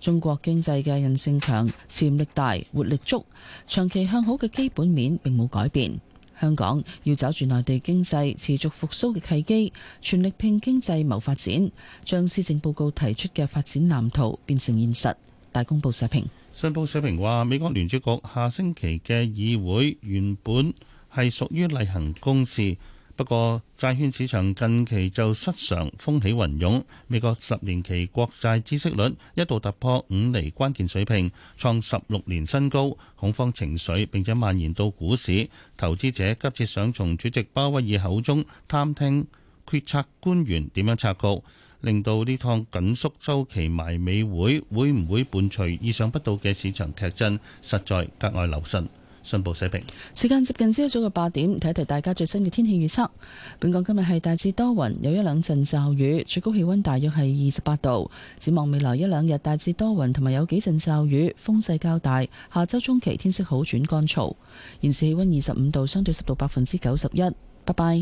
中國經濟嘅韌性強、潛力大、活力足，長期向好嘅基本面並冇改變。香港要抓住內地經濟持續復蘇嘅契機，全力拼經濟謀發展，將施政報告提出嘅發展藍圖變成現實。大公報社評，信報社評話，美國聯儲局下星期嘅議會原本係屬於例行公事，不過債券市場近期就失常風起雲湧，美國十年期國債孳息率一度突破五厘關鍵水平，創十六年新高，恐慌情緒並且蔓延到股市，投資者急切想從主席鮑威爾口中探聽決策官員點樣策局。令到呢趟緊縮周期埋尾會會唔會伴隨意想不到嘅市場劇震，實在格外留神。信報社評。時間接近朝早嘅八點，睇一睇大家最新嘅天氣預測。本港今日係大致多雲，有一兩陣驟雨，最高氣温大約係二十八度。展望未來一兩日，大致多雲同埋有幾陣驟雨，風勢較大。下周中期天色好轉乾燥，現時氣温二十五度，相對濕度百分之九十一。拜拜。